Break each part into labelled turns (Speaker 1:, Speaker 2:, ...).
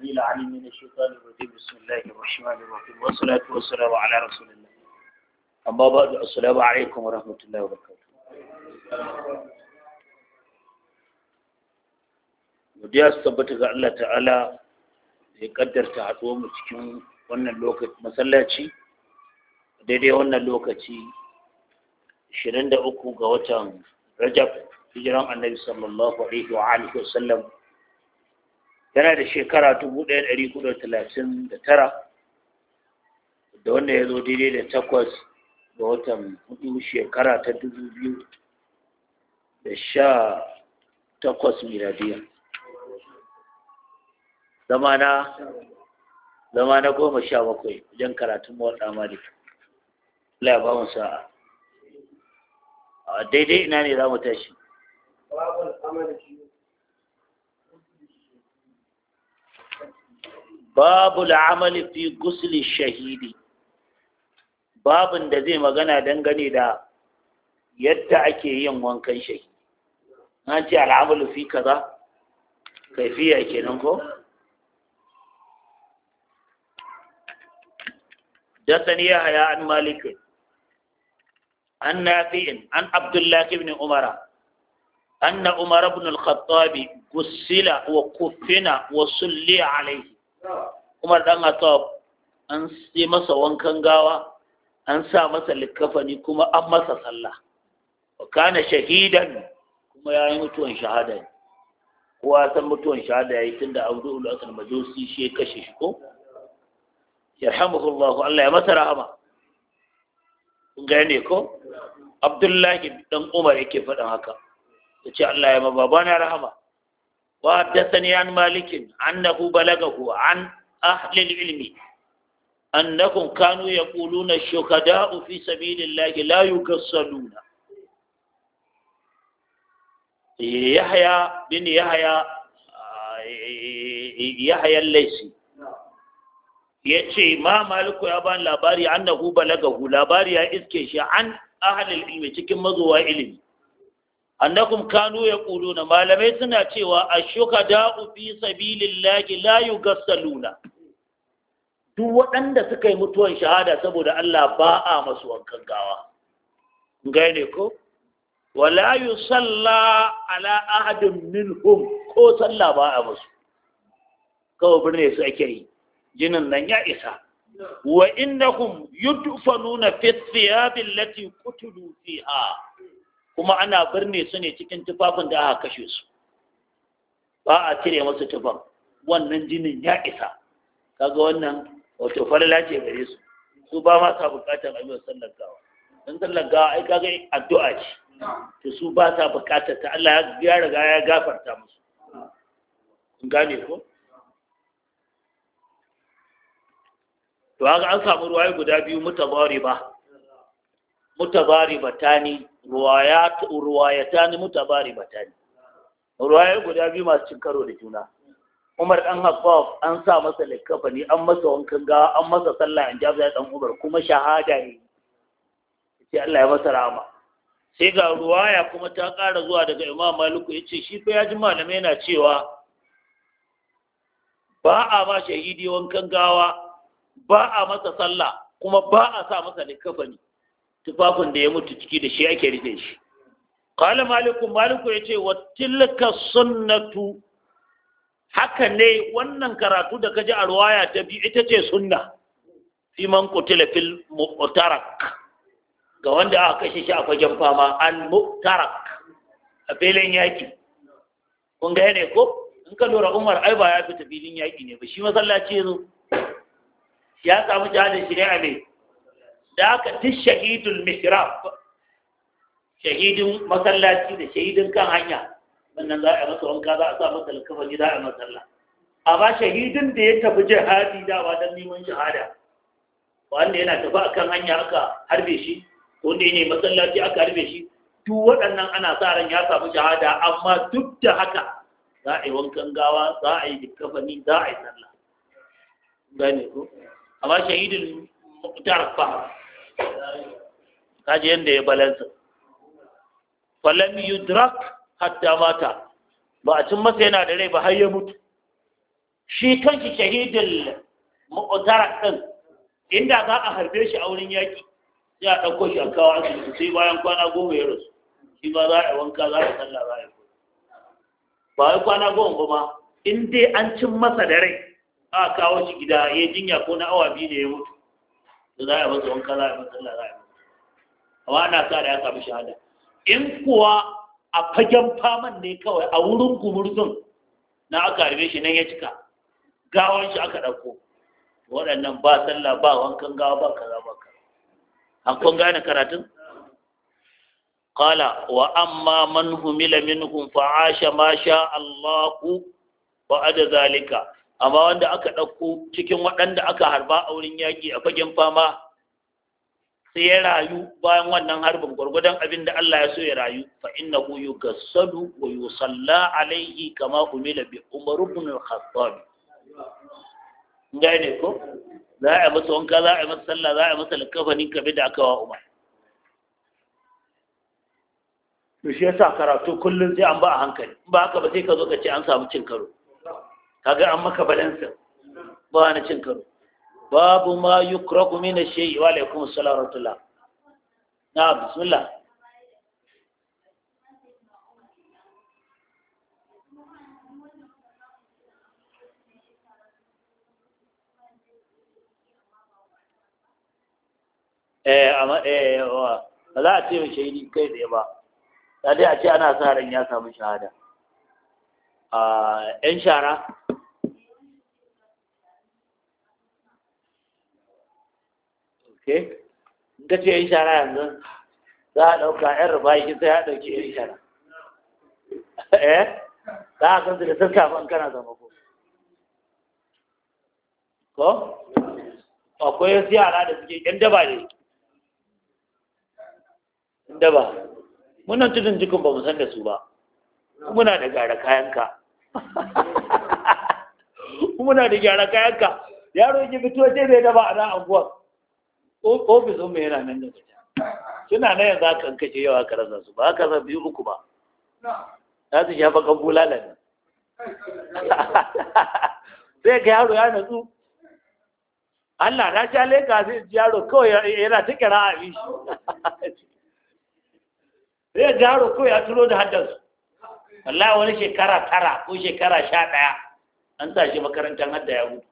Speaker 1: السميع العليم من الشيطان الرجيم بسم الله الرحمن الرحيم والصلاة والسلام على رسول الله أما بعد السلام عليكم ورحمة الله وبركاته godiya su tabbata ga Allah ta'ala ya kaddarta haɗuwar mu cikin wannan lokaci masallaci daidai wannan lokaci 23 ga watan Rajab hijiran Annabi sallallahu alaihi wa yana da shekara 1439
Speaker 2: da wanda ya zo daidai
Speaker 1: da takwas ga watan hudu shekara ta 2018 miladiya zamana na zama na goma sha bakwai wajen karatun mawaɗa malik Allah ya a mu sa'a daidai ina ne za mu tashi babu al'amali gusli shahidi babin da zai magana dangane da yadda ake yin wankan shahidi na ce al'amalu fi kaza kaifiya kenan ko دثني يحيى عن مالك عن نافع عن عبد الله بن عمر al عمر gusila wa غسل وكفن وصلي عليه umar dan asab an yi masa wankan gawa an sa masa likkafani kuma an masa sallah wa kana shahidan kuma yi mutuwan shahada ne. kowa san mutuwan shahada yayi tunda Abdul Hasan Majusi shi ya kashe shi ko yarhamuhullah Allah ya masa rahama kun ga ne ko Abdullahi dan Umar yake faɗin haka ya ce Allah ya ma babana rahama وحدثني عن مالك أنه بلغه عن أهل العلم أنهم كانوا يقولون الشهداء في سبيل الله لا يقصلون يحيى بن يحيى آه، يحيى الليثي ya ما مالك maliku لاباري bani بلغه لاباري balagahu labari ya iske shi an annakum kanu yaquluna malamai suna cewa ash-shuhada'u fi sabilillahi layu gasaluna duk waɗanda suka yi mutuwan shahada saboda Allah ba a masu wankan gawa gane ko Wa layu salla ala ahadin minhum ko sallah ba a masu kawai birne su ake yi jinin nan ya isa wa innahum yudfanuna fi thiyabi allati qutilu fiha kuma ana birne su ne cikin tufafin da aka kashe su ba a cire masu tufan wannan jinin ya isa kaga wannan wato falala ce gare su su ba ma sa bukatar a yi sallar gawa don sallar gawa ai kaga addu'a ce to su ba sa bukatar ta Allah ya riga ya gafarta musu kun gane ko to haka an samu ruwaye guda biyu ba. mutabariba batani. ruwayata ni mutabari batani ruwaye guda biyu masu cin karo da juna umar dan haffaf an sa masa likafani an masa wankan gawa an masa sallah an jafi dan umar kuma shahada ne sai Allah ya masa rama? sai ga ruwaya kuma ta ƙara zuwa daga imam maliku ce, shi fa ya ji malamai yana cewa ba a ba shahidi wankan gawa ba a masa sallah kuma ba a sa masa likafani tufafin da ya mutu ciki da shi ake rufe shi qala maliku maliku yace wa tilka sunnatu haka ne wannan karatu da kaji a ruwaya ta bi ita ce sunna fi man qutila fil mu'tarak ga wanda aka kashe shi a fagen fama al mu'tarak a filin yaki kun ga ne ko in ka lura Umar ai ba ya fita filin yaki ne ba shi masallaci yazo ya samu jihadin shi ne a mai da aka duk shahidul mihrab shahidin masallaci da shahidin kan hanya wannan za a masa wanka za a sa masa alkafani za a masalla A ba shahidin da ya tafi jihadi da ba don neman shahada wanda yana tafi kan hanya aka harbe shi wanda ya ne masallaci aka harbe shi tu waɗannan ana sa ran ya samu shahada amma duk da haka za a yi wankan gawa za a yi kafani za a yi sallah gane ko amma shahidin mutar fahimta kaji yadda ya balansa falam yudrak hatta mata ba a cin masa yana da rai ba har ya mutu shi kanshi shahidin mu'tarak ɗin inda za a harbe shi a wurin yaƙi sai a ɗauko shi a kawo asibiti sai bayan kwana goma ya rasu shi ba za a wanka za a sallah za a yi ba wai kwana goma ba ma in dai an cin masa da rai a kawo shi gida ya jinya ko na awa biyu ne ya mutu da za a masa wanka za a masa Allah za a masa amma ana sa da ya samu shahada in kuwa a fagen faman ne kawai a wurin gumurzun na aka harbe shi nan ya cika gawan shi aka ɗauko waɗannan ba sallah ba wankan gawa ba kaza ba kaza an kun gane karatun qala wa amma man humila minhum fa asha ma sha Allahu, wa ada zalika amma wanda aka ɗauko cikin waɗanda aka harba a wurin yaƙi a fagen fama sai ya rayu bayan wannan harbin gwargwadon abin da Allah ya so ya rayu fa innahu yugassadu wa yusalla alaihi kama umila bi Umar ibn al-Khattab ne ko za a yi masa wanka za a yi masa sallah za a yi masa likafanin kabe da aka wa Umar to shi yasa karatu kullum sai an ba a hankali ba haka ba sai ka zo ka ce an samu cin karo kaga an maka balansa ba na cin karo babu ma yukraku min shay shayi wa alaykum assalam wa rahmatullah na bismillah eh amma eh ba za a ce mai shahidi kai tsaye ba ta dai a ce ana sa ran ya samu shahada a ah, 'yan shara ke da ce yin shara yanzu za a ɗauka yan rubayi sai ya ɗauki yin shara eh za a san su da sassafen kana zama ko ko akwai wasu yara da suke yan daba ne daba munan tudun jikin ba mu san da su ba muna da gara kayanka muna da gyara kayanka yaro yake fito sai bai daba a nan anguwar ofis mai yana nan da gaja suna na yanzu kan kashe yawa ka rasa su ba ka rasa biyu uku ba za su shafa kan bulala ne sai ka yaro ya natsu Allah na sha leka sai yaro kawai yana ta kira a bi sai ga yaro kawai ya turo da haddansu wallahi wani shekara tara ko shekara sha ɗaya an sa shi makarantar hadda ya gudu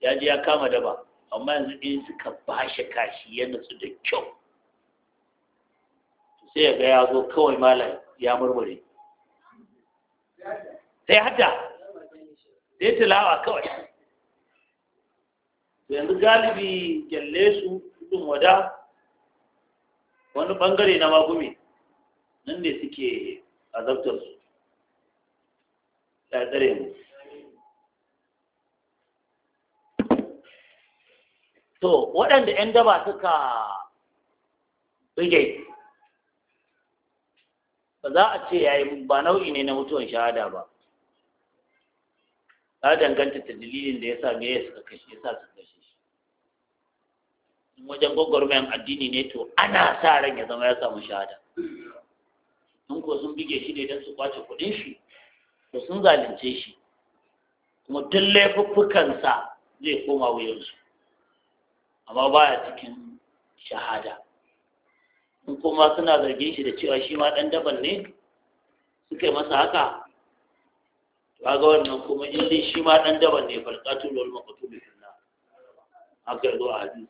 Speaker 1: ya ji ya kama daba amma yanzu in suka bashi kashi ya su da kyau sai ya ga ya zo kawai malam ya murmure sai hadda sai tilawa kawai yanzu galibi gyalle su ɗin wada wani ɓangare na magumi nan ne suke azabtar su tsare mu to waɗanda 'yan daba suka rige ba za a ce yayi ba nau'i ne na mutuwan shahada ba ta danganta ta dalilin da ya sa me ya suka kashe ya sa suka kashe shi wajen gwagwarmayan addini ne to ana sa ran ya zama ya samu shahada sun ko sun bige shi ne don su kwace kuɗin shi to sun zalunce shi kuma duk laifuffukansa zai koma wuyansu amma ba ya cikin shahada in kuma suna zargin shi da cewa shi ma ɗan daban ne suka yi masa haka ba ga wannan kuma in dai shi ma ɗan daban ne falƙatul wal maqtul fil nar haka zo a hadisi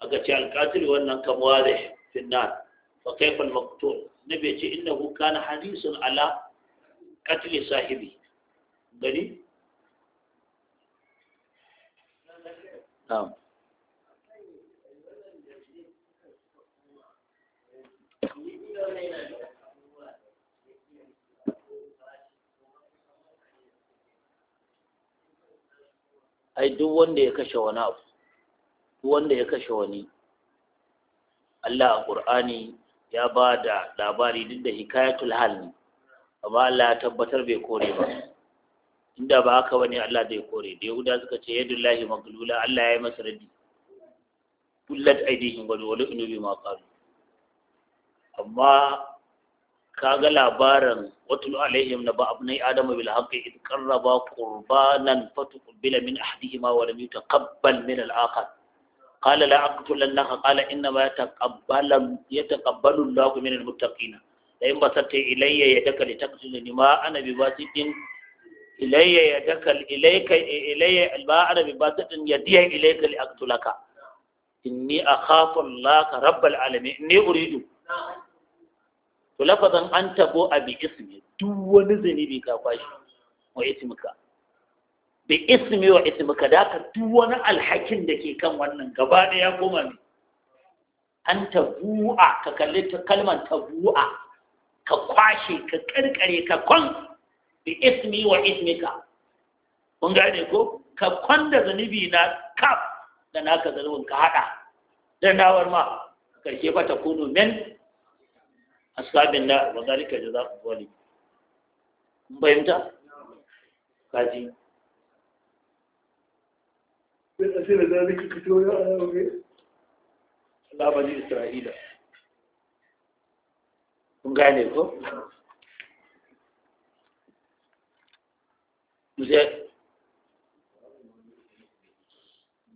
Speaker 1: aka ce alƙatul wannan kamwa da fil nar fa kayfa al maqtul nabi ce innahu kana hadisun ala qatl sahibi gani na'am ai duk wanda ya kashe wani abu duk wanda ya kashe wani Allah a Qur'ani ya ba da labari duk da hikayatul hal ne amma Allah ya tabbatar bai kore ba inda ba haka bane Allah zai kore da Yahuda suka ce yadullahi maglula Allah ya yi masa radi kullat aidihim wa lu'nu ma qalu amma kaga labarin watul alaihim na ba'abnai adama bil haqqi id qarraba qurbanan fatuqbila min ahdihima wa lam yutaqabbal min al akhar qala la aqtulannaka qala innama yataqabbalu yataqabbalu Allahu min al muttaqina la in basatta ilayya yadaka litaqtulni ma ana bi basitin ilayya yadaka ilayka ilayya ma ana bi basitin yadiya ilayka liaqtulaka inni akhafu Allah rabbal alamin inni uridu to an tabo a bi ismi duk wani zunubi ka kwashe wa ismika bi ismi wa ismika da ka duk wani alhakin da ke kan wannan gaba da ya goma ne an tabu'a ka kalli ta kalmar tabu'a ka kwashe ka karkare ka kwan bi ismi wa ismika kun gane ko ka kwan da zunubi na kaf da naka zanubin ka hada da nawar ma karshe fa ta kunu men أصحاب الله وذلك جزاء الظالمين مبهمتا؟ قاضي أسئلة ذلك كتورة لا بني إسرائيل مقاني لكم مزيد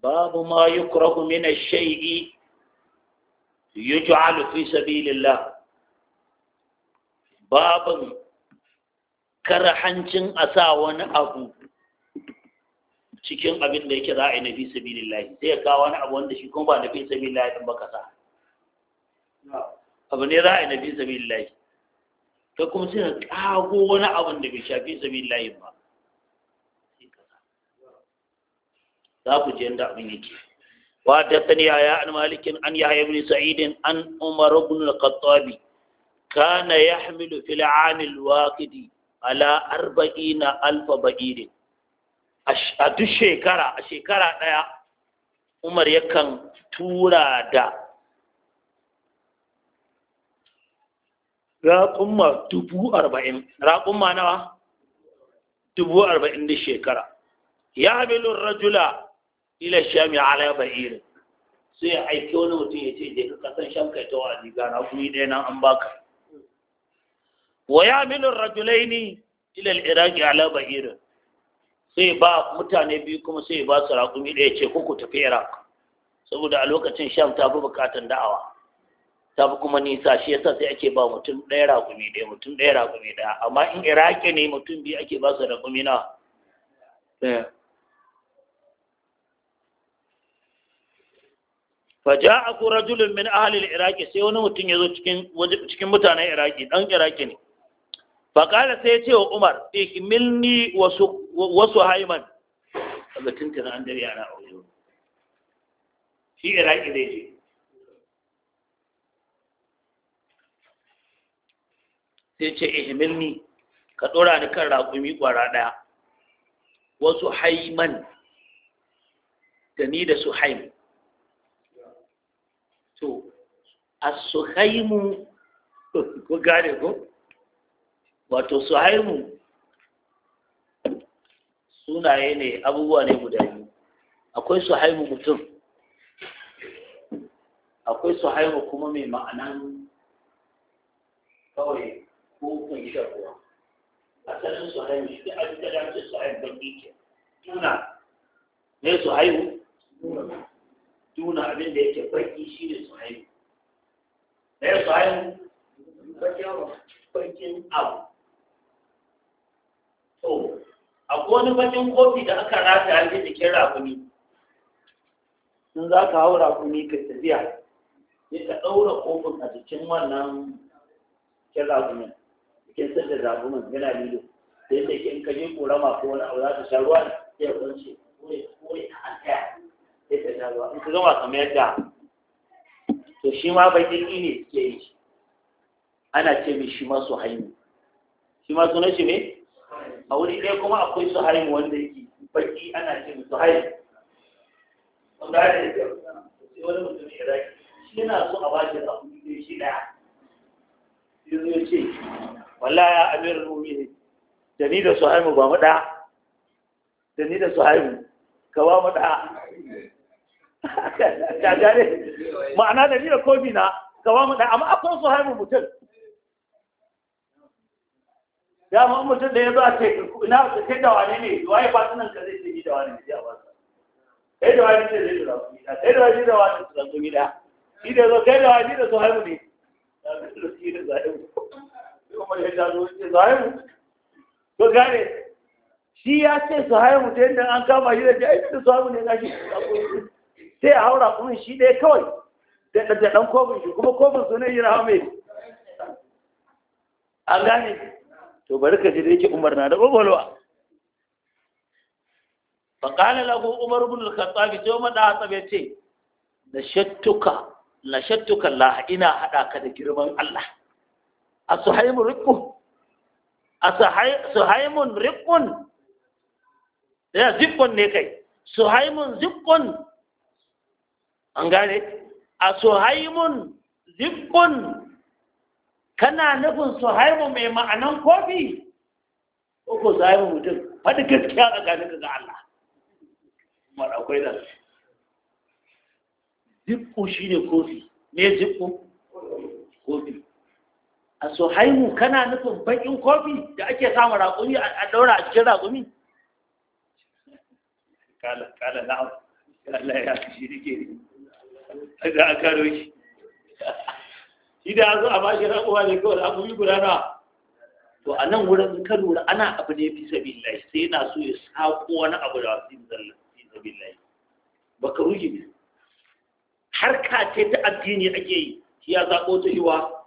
Speaker 1: باب ما يكره من الشيء يجعل في سبيل الله babin karahancin a sa wani abu cikin abin da yake za a yi na fi sabilillahi sai ya kawo wani abu wanda shi kuma ba na fi sabilillahi ɗin baka sa abu ne za a yi na fi sabilillahi ta kuma sai ya kago wani abin da bai shafi sabilillahi ba za ku je da abin yake ya يا عن مالك an يحيى بن سعيد an عمر بن الخطاب kana يحمل في العام الواحد على 40000 alfa ba'irin a duk shekara a shekara ɗaya umar yakan tura da raƙumma dubu arba'in raƙumma nawa dubu arba'in da shekara ya sai aiki wani mutum ya ce je ka kasan shan kai ta wa'azi gana yi ɗaya nan an baka Waya ya milin rajulaini ilal iraki ala bahira sai ba mutane biyu kuma sai ba su raƙumi ɗaya ce ku tafi iraq saboda a lokacin sham ta fi buƙatar da'awa ta fi kuma nisa shi yasa sai ake ba mutum ɗaya raƙumi ɗaya mutum ɗaya raƙumi ɗaya amma in iraki ne mutum biyu ake ba su raƙumi na fa ja'a aku rajulun min al iraki sai wani mutum ya zo cikin mutanen iraki ɗan iraki ne faƙala sai ya ce wa umar ikmilni wasu haiman daga tuntun an dare yara a wajen shi iraki zai je sai ce ihmilni ka ɗora ni kan raƙumi ƙwara ɗaya wasu haiman da ni da su haim to a su haimu ko gane ko wato suhaibu sunaye ne abubuwa ne guda biyu akwai suhaibu mutum akwai suhaibu kuma mai ma'anan kawai hukun shan ruwa su suhaibu shi da abin da dace suhaibu ban ke tuna ne suhaibu tuna abin da yake baki shi ne suhaibu ne suhaibu bakin abu to akwai wani bakin kofi da aka rata a jikin rakumi in za ka hau rakumi ka tafiya sai ka ɗaura kofin a jikin wannan jikin rakumin jikin sirrin rakumin yana lilo da yadda in ka je korama ko wani abu za ta sha ruwa sai ya kwance kore a ɗaya sai ta sha ruwa in ka gama kamar yadda to shi ma bakin ne suke yi ana ce mai shi ma su haini shi ma sunan shi ne a wuri ɗaya kuma akwai su haim wanda yake baki ana ce su haim wanda ya ce sai wani mutum ya zaki shi yana so a bashi a kuɗi shi ɗaya sai zai ce wala ya amir ne da ni da su haimu ba mu ɗaya da ni da su haimu ka ba mu ɗaya ma'ana da ni da kobi na ka ba mu ɗaya amma akwai su haimu mutum dama mutum da ya zo a ce ina da wani ne ya nan ka zai ce da wani ne ya ba
Speaker 2: kai da wani ne zai tura
Speaker 1: da wani wani shi da zo da wani da ne ya ce zuhaimu to ta yadda an kama shi da ce da ne gashi sai a haura kuma shi ɗaya kawai da ɗan kofin shi kuma kofin su ne yi rahama an gane to bari ka ji da yake umar na da ba faƙala lagu umar ibn al-khattab ce da hatsab ce na shattuka na shattuka la ina hada ka da girman Allah a suhaimu rikku a suhaimun rikku ya zikon ne kai suhaimun zikon. an gane a suhaimun zikon. kana nufin su haimu mai ma'anan kofi ko su haimu mutum faɗi gaskiya a gani ga Allah akwai da su jikku shi ne kofi me jikku kofi a su haimu kana nufin bakin kofi da ake samun raƙumi a ɗaura a cikin raƙumi kala kala na'am Allah ya shi rike ne da aka roki shi da a bashi rabuwa ne kawai abu yi guda na to a nan wurin ka lura ana abu ne fi lai sai yana so ya sako wani abu da fi ba ka ruhi ne ka ce ta addini ake yi shi ya zaɓo ta iwa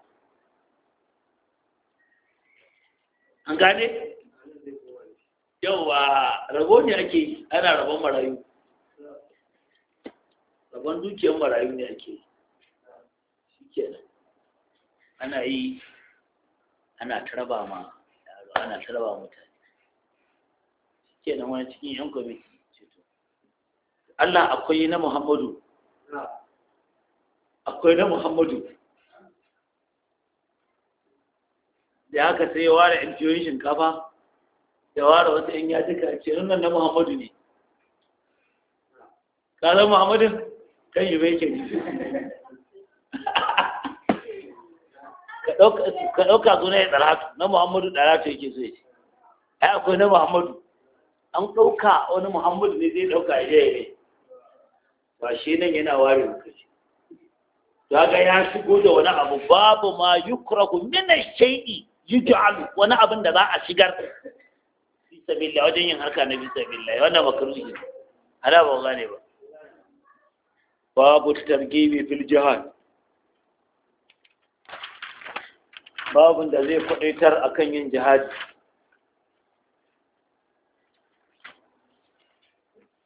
Speaker 1: an gane yawa rabo ne ake yi ana rabon marayu rabon dukiyar marayu ne ake yi shi kenan ana yi ana taraba ma yaro ana taraba mutane nan wani cikin yan kwamiti Allah akwai na Muhammadu akwai na Muhammadu da aka sai ya ware injiyoyin shinkafa ya ware wasu yan ka ce nan na Muhammadu ne ka zama Muhammadin kan yi bai ke ka ɗauka suna ya ɗalatu na muhammadu ɗalatu yake so ya ce ai akwai na muhammadu an ɗauka wani muhammadu ne zai ɗauka ya je ne ba shi nan yana ware lokaci ta ga ya shigo da wani abu babu ma yi yukrahu min shaidi yi yuj'alu wani abin da za a shigar fi wajen yin harka na fi sabilillah wannan makaruhi ne ana ba gane ba babu targibi fil jihad babun da zai kudaitar akan yin jihadi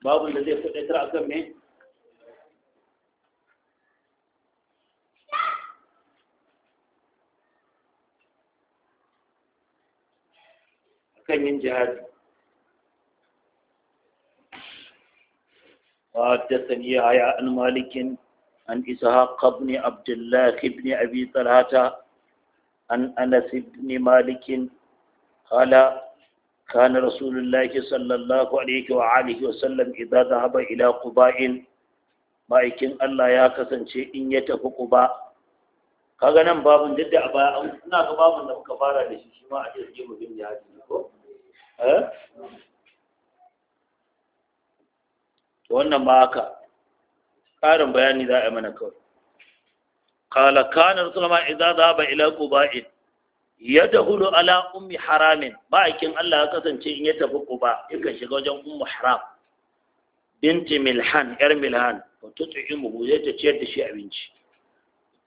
Speaker 1: babun da zai kudaitar akan me akan yin jihadi وحدثني عن مالك عن إسحاق بن عبد الله بن أبي طلحة عن أنس بن مالك قال كان رسول الله صلى الله عليه وآله وسلم إذا ذهب إلى قباء ma'aikin Allah ya kasance in ya tafi Quba kaga nan babun duk a baya ina ga babun da muka fara da shi shi ma a jirgin mutum ya ji ko wannan ma haka ƙarin bayani za a yi mana kawai قال كان رسول الله إذا ذهب إلى قباء يدخل على أم حرام ما يكن الله كسن شيء يتفق قباء يكن شيء وجه أم حرام بنت ملحان إر ملحان وتطعمه يتشير شيء أبنش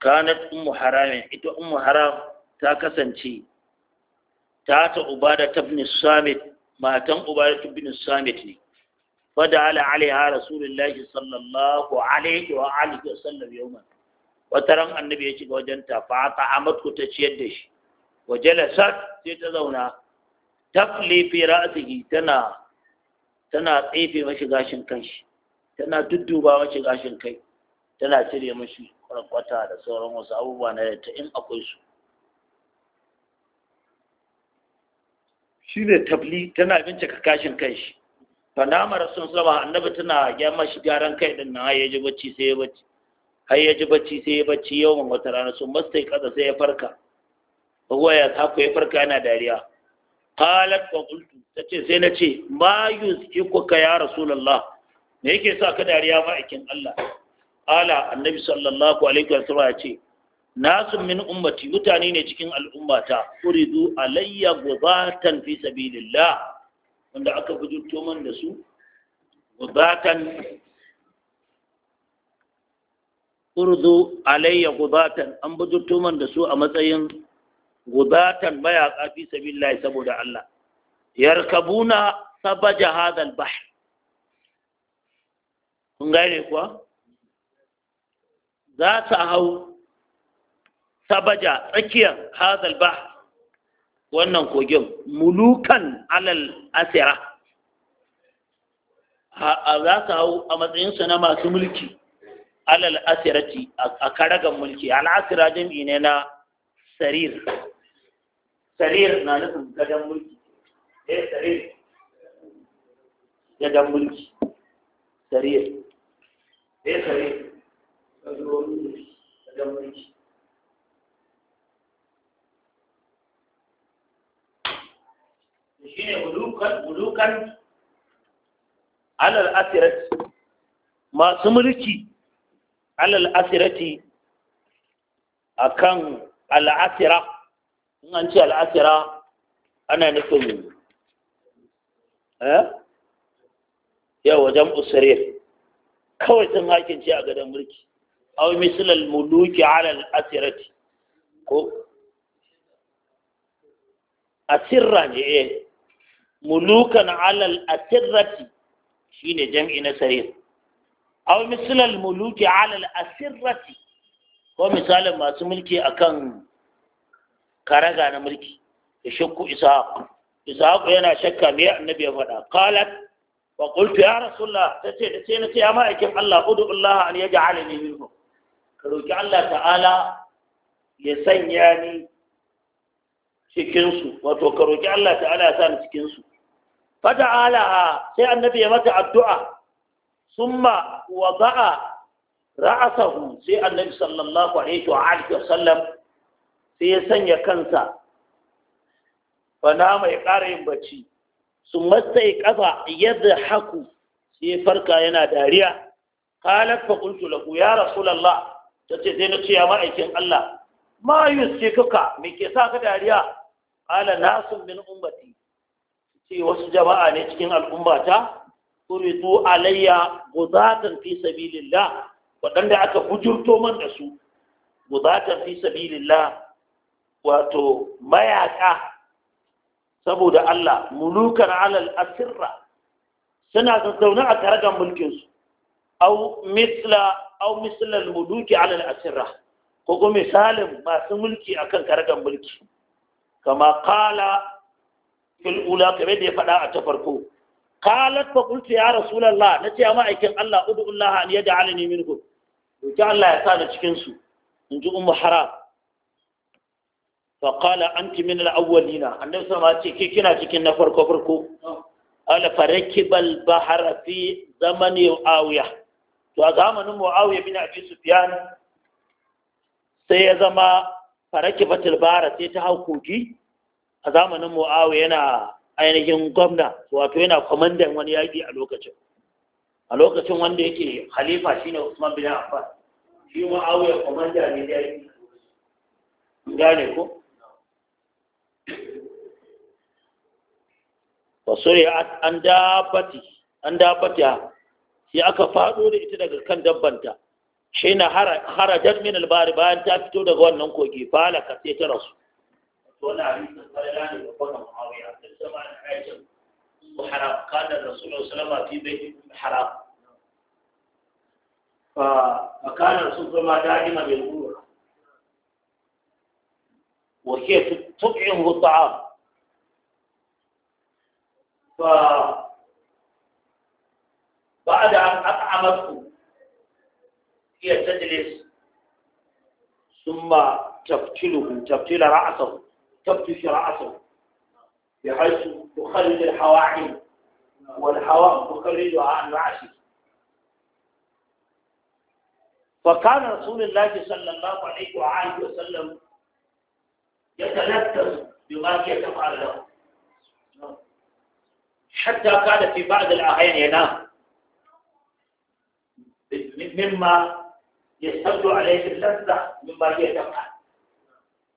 Speaker 1: كانت أم حرام إتو أم حرام تاكسن شيء تاتا عبادة بن الصامت ما تم عبادة بن الصامت لي فدعا عليها رسول الله صلى الله عليه وآله وسلم يوما wata ran annabi ya shiga wajen ta fa ku ta ciyar da shi wa jalasat sai ta zauna tafli fi ra'sihi tana tana tsefe mashi gashin kanshi tana dudduba mashi gashin kai tana cire mashi kwarkwata da sauran wasu abubuwa na yadda in akwai su shine Tafli tabli tana bincika kashin kai shi fanama sun annabi tana ya mashi gyaran kai din na ya ji bacci sai ya bacci har ya ji bacci sai ya bacci yawan wata rana sun masta kaza sai ya farka huwa ya haku ya farka yana dariya qalat wa ta ce sai na ce ma yuzikuka ya rasulullah me yake sa ka dariya ma'aikin Allah ala annabi sallallahu alaihi wasallam ya ce nasu min ummati mutane ne cikin al'ummata uridu alayya gubatan fi sabilillah wanda aka bujurto man da su gubatan urdu alayya gudatan an bujurto tuman da su a matsayin gudatan baya kafi sabillahi saboda Allah yarkabuna sabaja hadal bahr kun gane kuwa za su hau sabaja tsakiyar hadal bahr wannan kogin mulukan alal asira za su hau a matsayinsu na masu mulki alal asirati a karagan mulki al asira jami'i ne na sarir sarir na nufin gadon mulki eh sarir gadon mulki sarir eh sarir gadon mulki shi ne alal asirati masu mulki alal asirati akan al'asira in an ce al'asira ana nufin eh yau wajen usurir kawai sun hakince a gadon mulki aw mislal muluki alal asirati ko asirra ne eh mulukan alal asirati shine jam'i na sarir aw mislal muluki ala al-asirrati ko misalin masu mulki akan karaga na mulki ya shakku ishaq ishaq yana shakka me annabi ya faɗa qalat wa qultu ya rasulullah tace da sai na ce ya ma'aikin Allah Udu, ud'ullah an yaj'alani minhum ka roki Allah ta'ala ya sanya ni cikin su wato ka roki Allah ta'ala ya sa ni cikin su fata'ala sai annabi ya mata addu'a summa za'a ra'asahu sai annabi sallallahu alaihi wa alihi wa sallam sai ya sanya kansa Bana mai ƙara yin bacci su matsayi ƙafa yadda haku sai farka yana dariya kalar fakultu lagu ya rasulallah ta ce sai na ce ma'aikin Allah ma yusuf kuka me ke sa ka dariya ala nasun min ummati ce wasu jama'a ne cikin al'ummata turidu alayya gudatan fi sabilillah waɗanda aka hujurto man da su gudatan fi sabilillah wato mayaka saboda Allah mulukan alal asirra suna zazzaune a karagan su. au misla au mislal muluki alal asirra ko kuma misalin masu mulki akan karagan mulki kama kala fil ula kamar da ya faɗa a ta farko qalat fa qultu ya rasulullah nace amma aikin Allah ud'ullaha an yaj'alani minhum to Allah ya sa da cikin su ji ummu haram fa qala anti min al-awwalina annabi sama ce ke kina cikin na farko farko ala farakibal bahara fi zamani awiya. to a zamanin muawiya bin abi sufyan sai ya zama farakibatul bahara sai ta hau a zamanin muawiya yana ainihin gwamna wato yana kwamandan wani yaƙi a lokacin a lokacin wanda yake halifa shine Usman bin Affan shi Muawiya kwamanda ne da yaƙi gane ko basuri an dabati an dabati sai aka faɗo da ita daga kan dabbanta shi na harajar min albari bayan ta fito daga wannan kogi fa halaka sai ta rasu ولا عبيد الخلال وقال معاوية سمع عائشة وحرام كان الرسول صلى الله عليه وسلم في بيت حرام فكان الرسول صلى الله عليه وسلم دائما يقول وهي تطعمه الطعام بعد أن أطعمته هي تجلس ثم تفتله تفتل رأسه في رأسه بحيث تخرج الحواحل والحواء تخرجها عن العشي فكان رسول الله صلى الله عليه وآله وسلم يتلذذ بما يتفعل له حتى كان في بعض الأحيان ينام مما يستبدو عليه اللذة مما يتفعل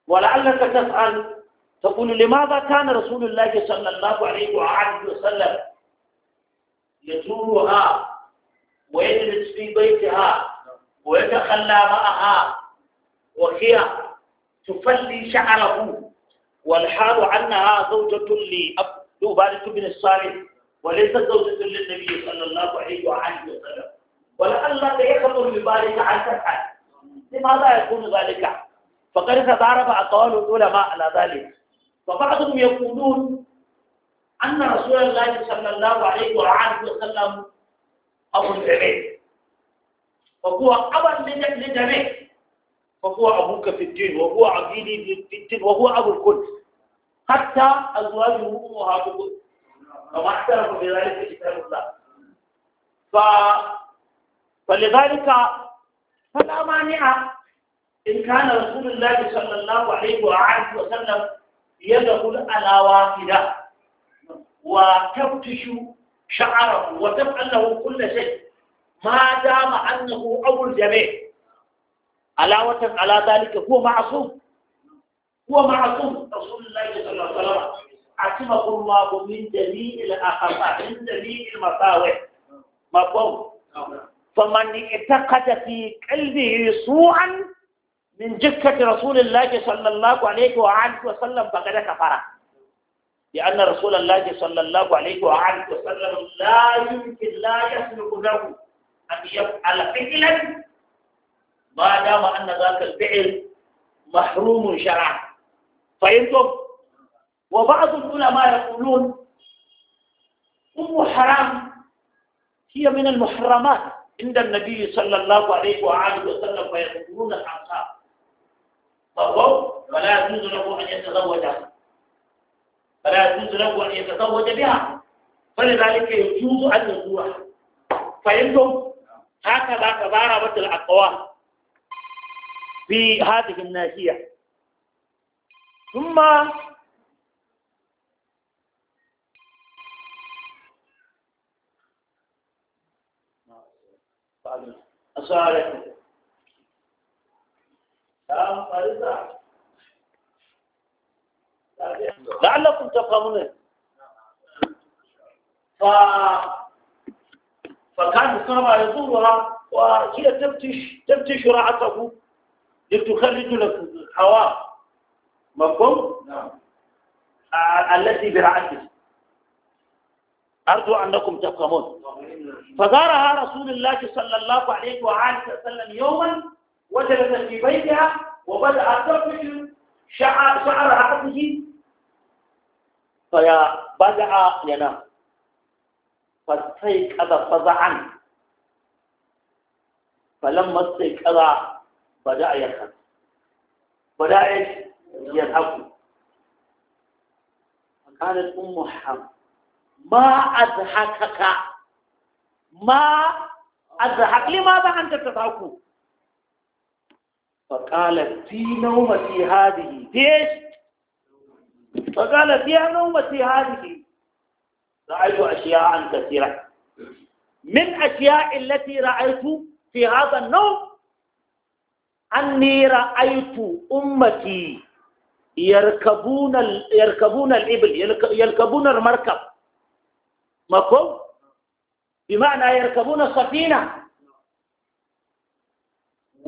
Speaker 1: ولعلك تفعل تقول لماذا كان رسول الله صلى الله عليه وآله وسلم يزورها ويجلس في بيتها ويتخلى معها وهي تفلي شعره والحال عنها زوجة لأبارة بن الصالح وليست زوجة للنبي صلى الله عليه وآله وسلم ولعل يخبر بذلك عن تفعل لماذا يكون ذلك؟ فقد تضارب أقوال العلماء على ذلك وبعضهم يقولون أن رسول الله صلى الله عليه وآله وسلم أبو الجميل وهو أبا لجميع وهو أبوك في الدين وهو عبيدي في الدين وهو أبو الكل حتى أزواجه أمها بالكل كما احترم بذلك كتاب الله ف... فلذلك فلا مانع إن كان رسول الله صلى الله عليه وآله وسلم يدخل على واحدة وتفتش شعره وتفعل له كل شيء ما دام أنه أبو الجميع علاوة على ذلك هو معصوم هو معصوم رسول الله صلى الله عليه وسلم عصمه الله من جميع الأخطاء من جميع المساوئ مفهوم نعم. فمن اعتقد في قلبه سوءا من جكة رسول الله صلى الله عليه وآله وسلم فقد كفارة لأن رسول الله صلى الله عليه وآله وسلم لا يمكن لا يسلك له أن يفعل فعلا ما دام أن ذاك الفعل محروم شرعا فيطلب وبعض العلماء يقولون أم حرام هي من المحرمات عند النبي صلى الله عليه وآله وسلم فيذكرون الأنصار فالروض فلا يجوز له أن يتزوجها فلا يجوز له أن يتزوج بها فلذلك يجوز أن يزورها فانتم هكذا تضاربت الأقوام في هذه الناحية ثم السلام عليكم لعلكم تفهمون ف فكان الصنم يزورها وهي تفتش تفتش رعته لتخرج لك الحواء مفهوم؟ نعم آه، التي برعته أرجو أنكم تفهمون فزارها رسول الله صلى الله عليه وآله وسلم يوما وجلس في بيتها وبدأ ترفش شعر شعر عقده فيا بدأ ينام فاستيقظ فزعا فلما استيقظ بدأ يخاف بدأ يذهب فقالت أم حم ما أضحكك ما أضحك لماذا أنت تضحك فقالت في نومتي هذه ليش فقالت يا نومتي هذه رأيت أشياء كثيرة من أشياء التي رأيت في هذا النوم أني رأيت أمتي يركبون يركبون الإبل يركبون المركب مفهوم بمعنى يركبون السفينة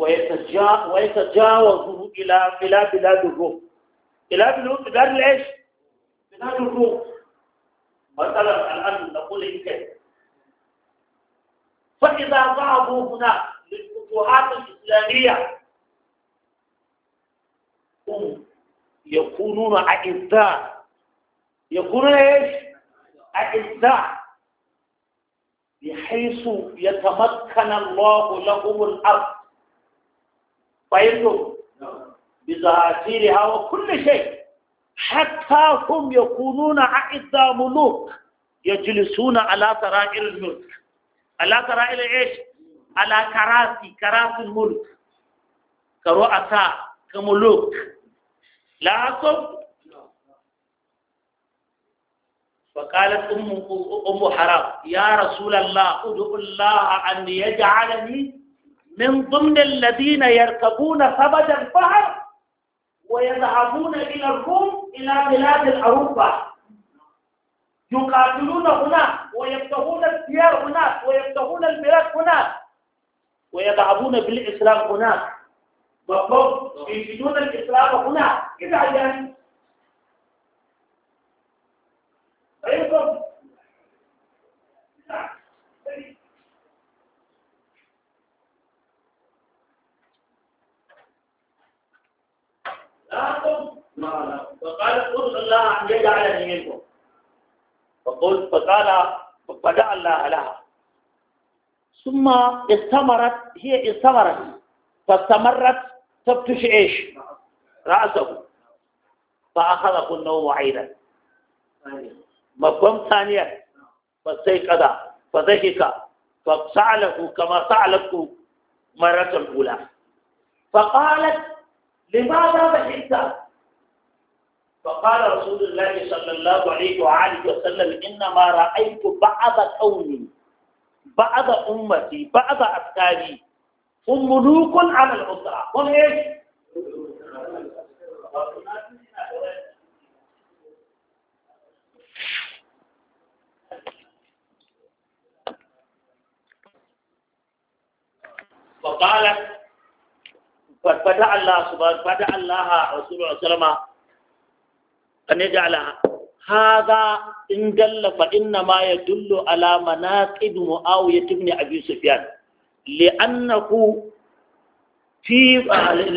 Speaker 1: ويتجاوزه إلى إلى بلاد الروم إلى بلاد الإيش؟ بلاد الروم مثلا الآن نقول إنك فإذا ضعفوا هنا للفتوحات الإسلامية هم يكونون أعزاء يكونون إيش؟ أعزاء بحيث يتمكن الله لهم الأرض فهمتم بظهاتيرها وكل شيء حتى هم يكونون أعداء ملوك يجلسون على سرائر الملك على سرائر إيش؟ على كراسي كراسي الملك كرؤساء كملوك لا أصب فقالت أم أم حرام يا رسول الله ادعو الله أن يجعلني من ضمن الذين يركبون سبج البحر ويذهبون إلى الروم إلى بلاد الأوروبا يقاتلون هناك ويبتغون الديار هناك ويبتغون البلاد هناك ويذهبون بالإسلام هناك مطلوب يجدون الإسلام هناك كذا يعني أعطوا ما لا فقال قل الله أن يجعلني منكم فقلت فقال فدعا الله لها ثم استمرت هي استمرت فاستمرت ايش رأسه فأخذه النوم عينا مفهوم ثانية فاستيقظ فضحك فسأله كما سألته مرة أولى فقالت لماذا بحثت فقال رسول الله صلى الله عليه وآله وسلم إنما رأيت بعض قومي بعض أمتي بعض أفكاري هم ملوك على الأسرة هم إيش؟ فقالت فدع الله سبحانه فدع الله رسول الله صلى الله عليه وسلم أن يجعلها هذا إن قل فإنما يدل على مناقب معاوية بن أبي سفيان لأنه في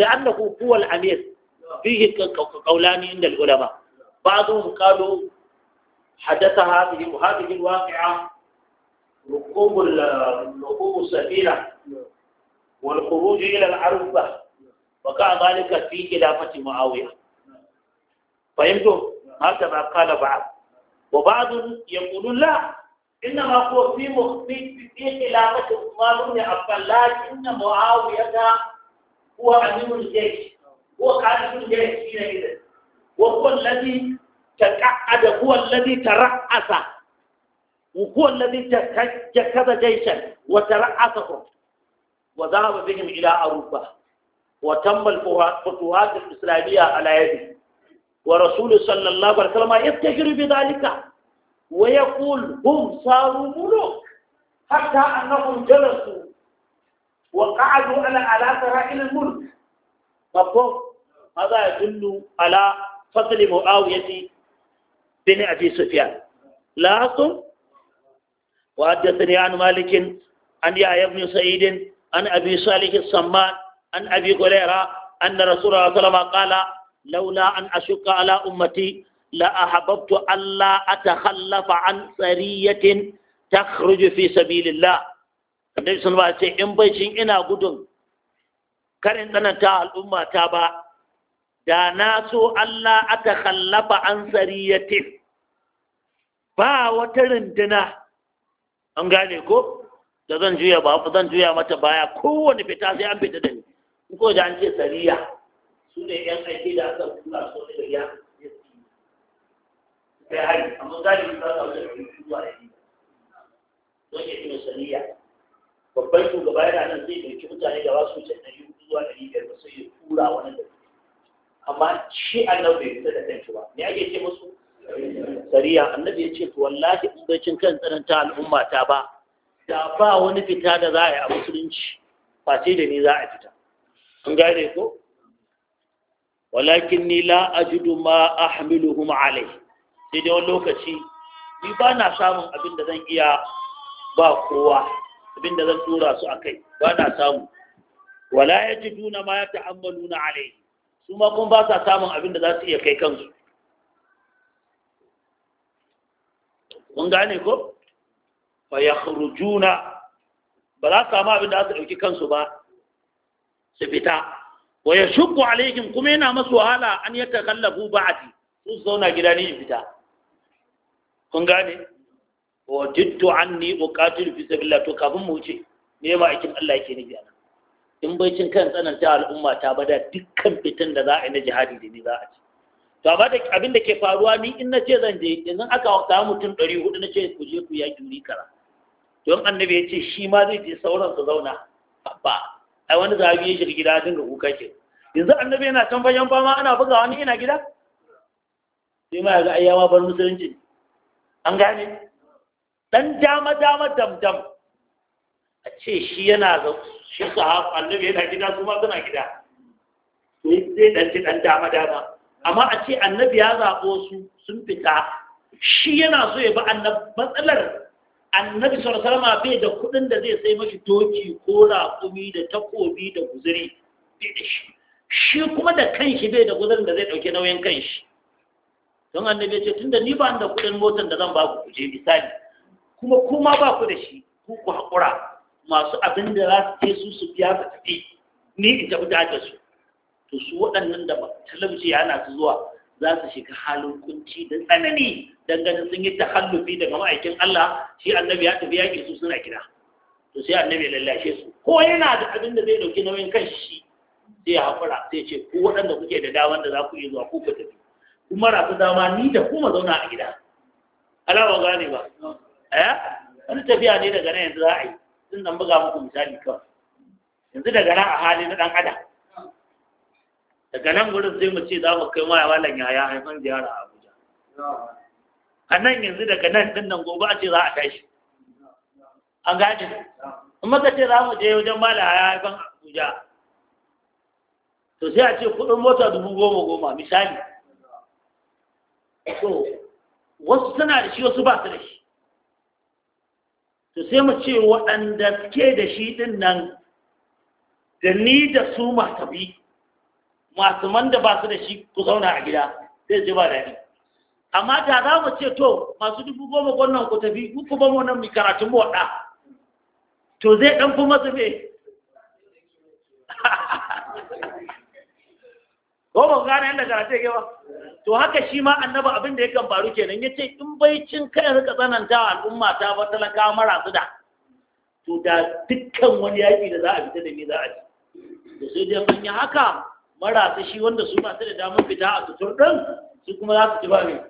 Speaker 1: لأنه هو الأمير فيه قولان عند العلماء بعضهم قالوا حدث هذه وهذه الواقعة ركوب ركوب السفينة والخروج إلى العربة وقع ذلك في خلافة معاوية فهمتم؟ هكذا قال بعض وبعض يقولون لا إنما هو في مخفي في خلافة عثمان بن عفان لكن معاوية هو أمير الجيش هو قائد الجيش حينئذ وهو الذي تقعد هو الذي ترأس وهو الذي جسد جيشا وترأسهم وذهب بهم إلى أوروبا وتم الفتوحات الإسلامية على يده ورسول صلى الله عليه وسلم يتجر بذلك ويقول هم صاروا ملوك حتى أنهم جلسوا وقعدوا على على سرائل الملك مفهوم هذا يدل على فضل معاوية بن أبي سفيان أقول وحدثني عن مالك عن يا ابن سعيد عن أبي صالح السمان an abi huraira an rasulullah sallallahu alaihi wasallam laula an ashqa ala ummati la ahabbtu alla atakhallafa an sariyatin takhruju fi sabilillah annabi sallallahu alaihi wasallam ce in ina gudun karin tsananta al'umma ta ba da na so Allah aka kallafa an ba wata runduna an gane ko da zan juya ba zan juya mata baya kowane fita sai an fita da ni ko da an ce sariya su ne yan aiki da aka kula su ne da ya kai hari amma za ba sa wajen rubutu zuwa da ni don ya kino sariya babban shugaba yana nan zai ɗauki mutane da wasu can na yi zuwa da ni biyar ba sai ya tura wani da amma shi annabi bai fita da kanshi ba me ake ce musu sariya annabi ya ce to wallahi in bai cin kan tsananta al'umma ta ba da ba wani fita da za a yi a musulunci face da ni za a fita an gane ko walakin ni la ajidu ma ahmiluhum alai sai dai wani lokaci ni ba na samun abin da zan iya ba kowa abin da zan tura su akai ba na samu wala yajiduna ma yata'ammaluna alai su ma kun ba sa samun abin da za su iya kai kansu mun gane ko fa yakhrujuna ba za su samu abin da za su dauki kansu ba su fita wa ya shukku alaikin kuma yana masu wahala an ya takallafu ti su zauna gida ne in fita kun gane wa an ni bukatun fi sabilillah to kafin mu wuce ne ma aikin Allah yake ni biya in bai cin kan tsananta al'umma ta bada dukkan fitan da za a yi na jihadi da ni za a ci to amma da abin da ke faruwa ni in na ce zan je yanzu aka samu mutum ɗari hudu na ce ku je ku yaƙi wuri kara don annabi ya ce shi ma zai je sauran su zauna ba ai wani zahabi ya shiga gida dinga kuka ke yanzu annabi yana can fagen fama ana buga wani ina gida sai ma ga ayyawa bar musulunci an gane dan dama dama damdam a ce shi yana ga shi sahab annabi yana gida su ma suna gida sai dan ci dan dama dama amma a ce annabi ya zabo su sun fita shi yana so ya bi annabi matsalar annabi sarsalama bai da kudin da zai sai mashi doki ko raƙumi da takobi da guzuri bai da shi shi kuma da kanshi bai da guzurin da zai ɗauki nauyin kanshi don annabi ce tunda ni ba da kudin motar da zan ba ku kuje misali kuma kuma ba ku da shi ku ku haƙura masu abin da za su je su su biya ka tafi ni in tafi da su to su waɗannan da talabci yana su zuwa za su shiga halin kunci da tsanani dan ganin sun yi tahallufi daga ma'aikin Allah shi annabi ya tafi yaƙi su suna gida to sai annabi ya lallashe su ko yana da abin da zai dauki nauyin kanshi shi sai ya haƙura sai ce ku waɗanda kuke da dama da za ku iya zuwa ku ku tafi kuma rasu dama ni da kuma zauna a gida alama gane ba eh wani tafiya ne daga nan yanzu za a yi sun nan buga muku misali kawai yanzu daga nan a hali na ɗan adam daga nan gurin sai mu ce za mu kai ma ya walan yaya haifan ziyara a abuja a nan yanzu daga nan ɗin nan gobe a ce za a tashi an gaji in maka ce za mu je wajen mala ya haifan abuja to sai a ce kuɗin mota dubu goma goma misali so wasu suna da shi wasu ba su da shi to sai mu ce waɗanda ke da shi ɗin nan da ni da su masu bi masu man da ba su da shi ku zauna a gida zai ji ba daɗi amma da za mu ce to masu dubu goma gwannan ku tafi uku ba mu nan mu karatun mu waɗa to zai ɗan fi masu me goma gane yadda karatu yake ba to haka shi ma annaba abin da ya kan faru kenan ya ce in bai cin kai rika tsananta wa al'umma ta ba talaka mara su da to da dukkan wani yaƙi da za a fita da ni za a ci To sai dai yi haka marasa shi wanda su ba su da damar fita a tutur ɗin su kuma za su ci ba ne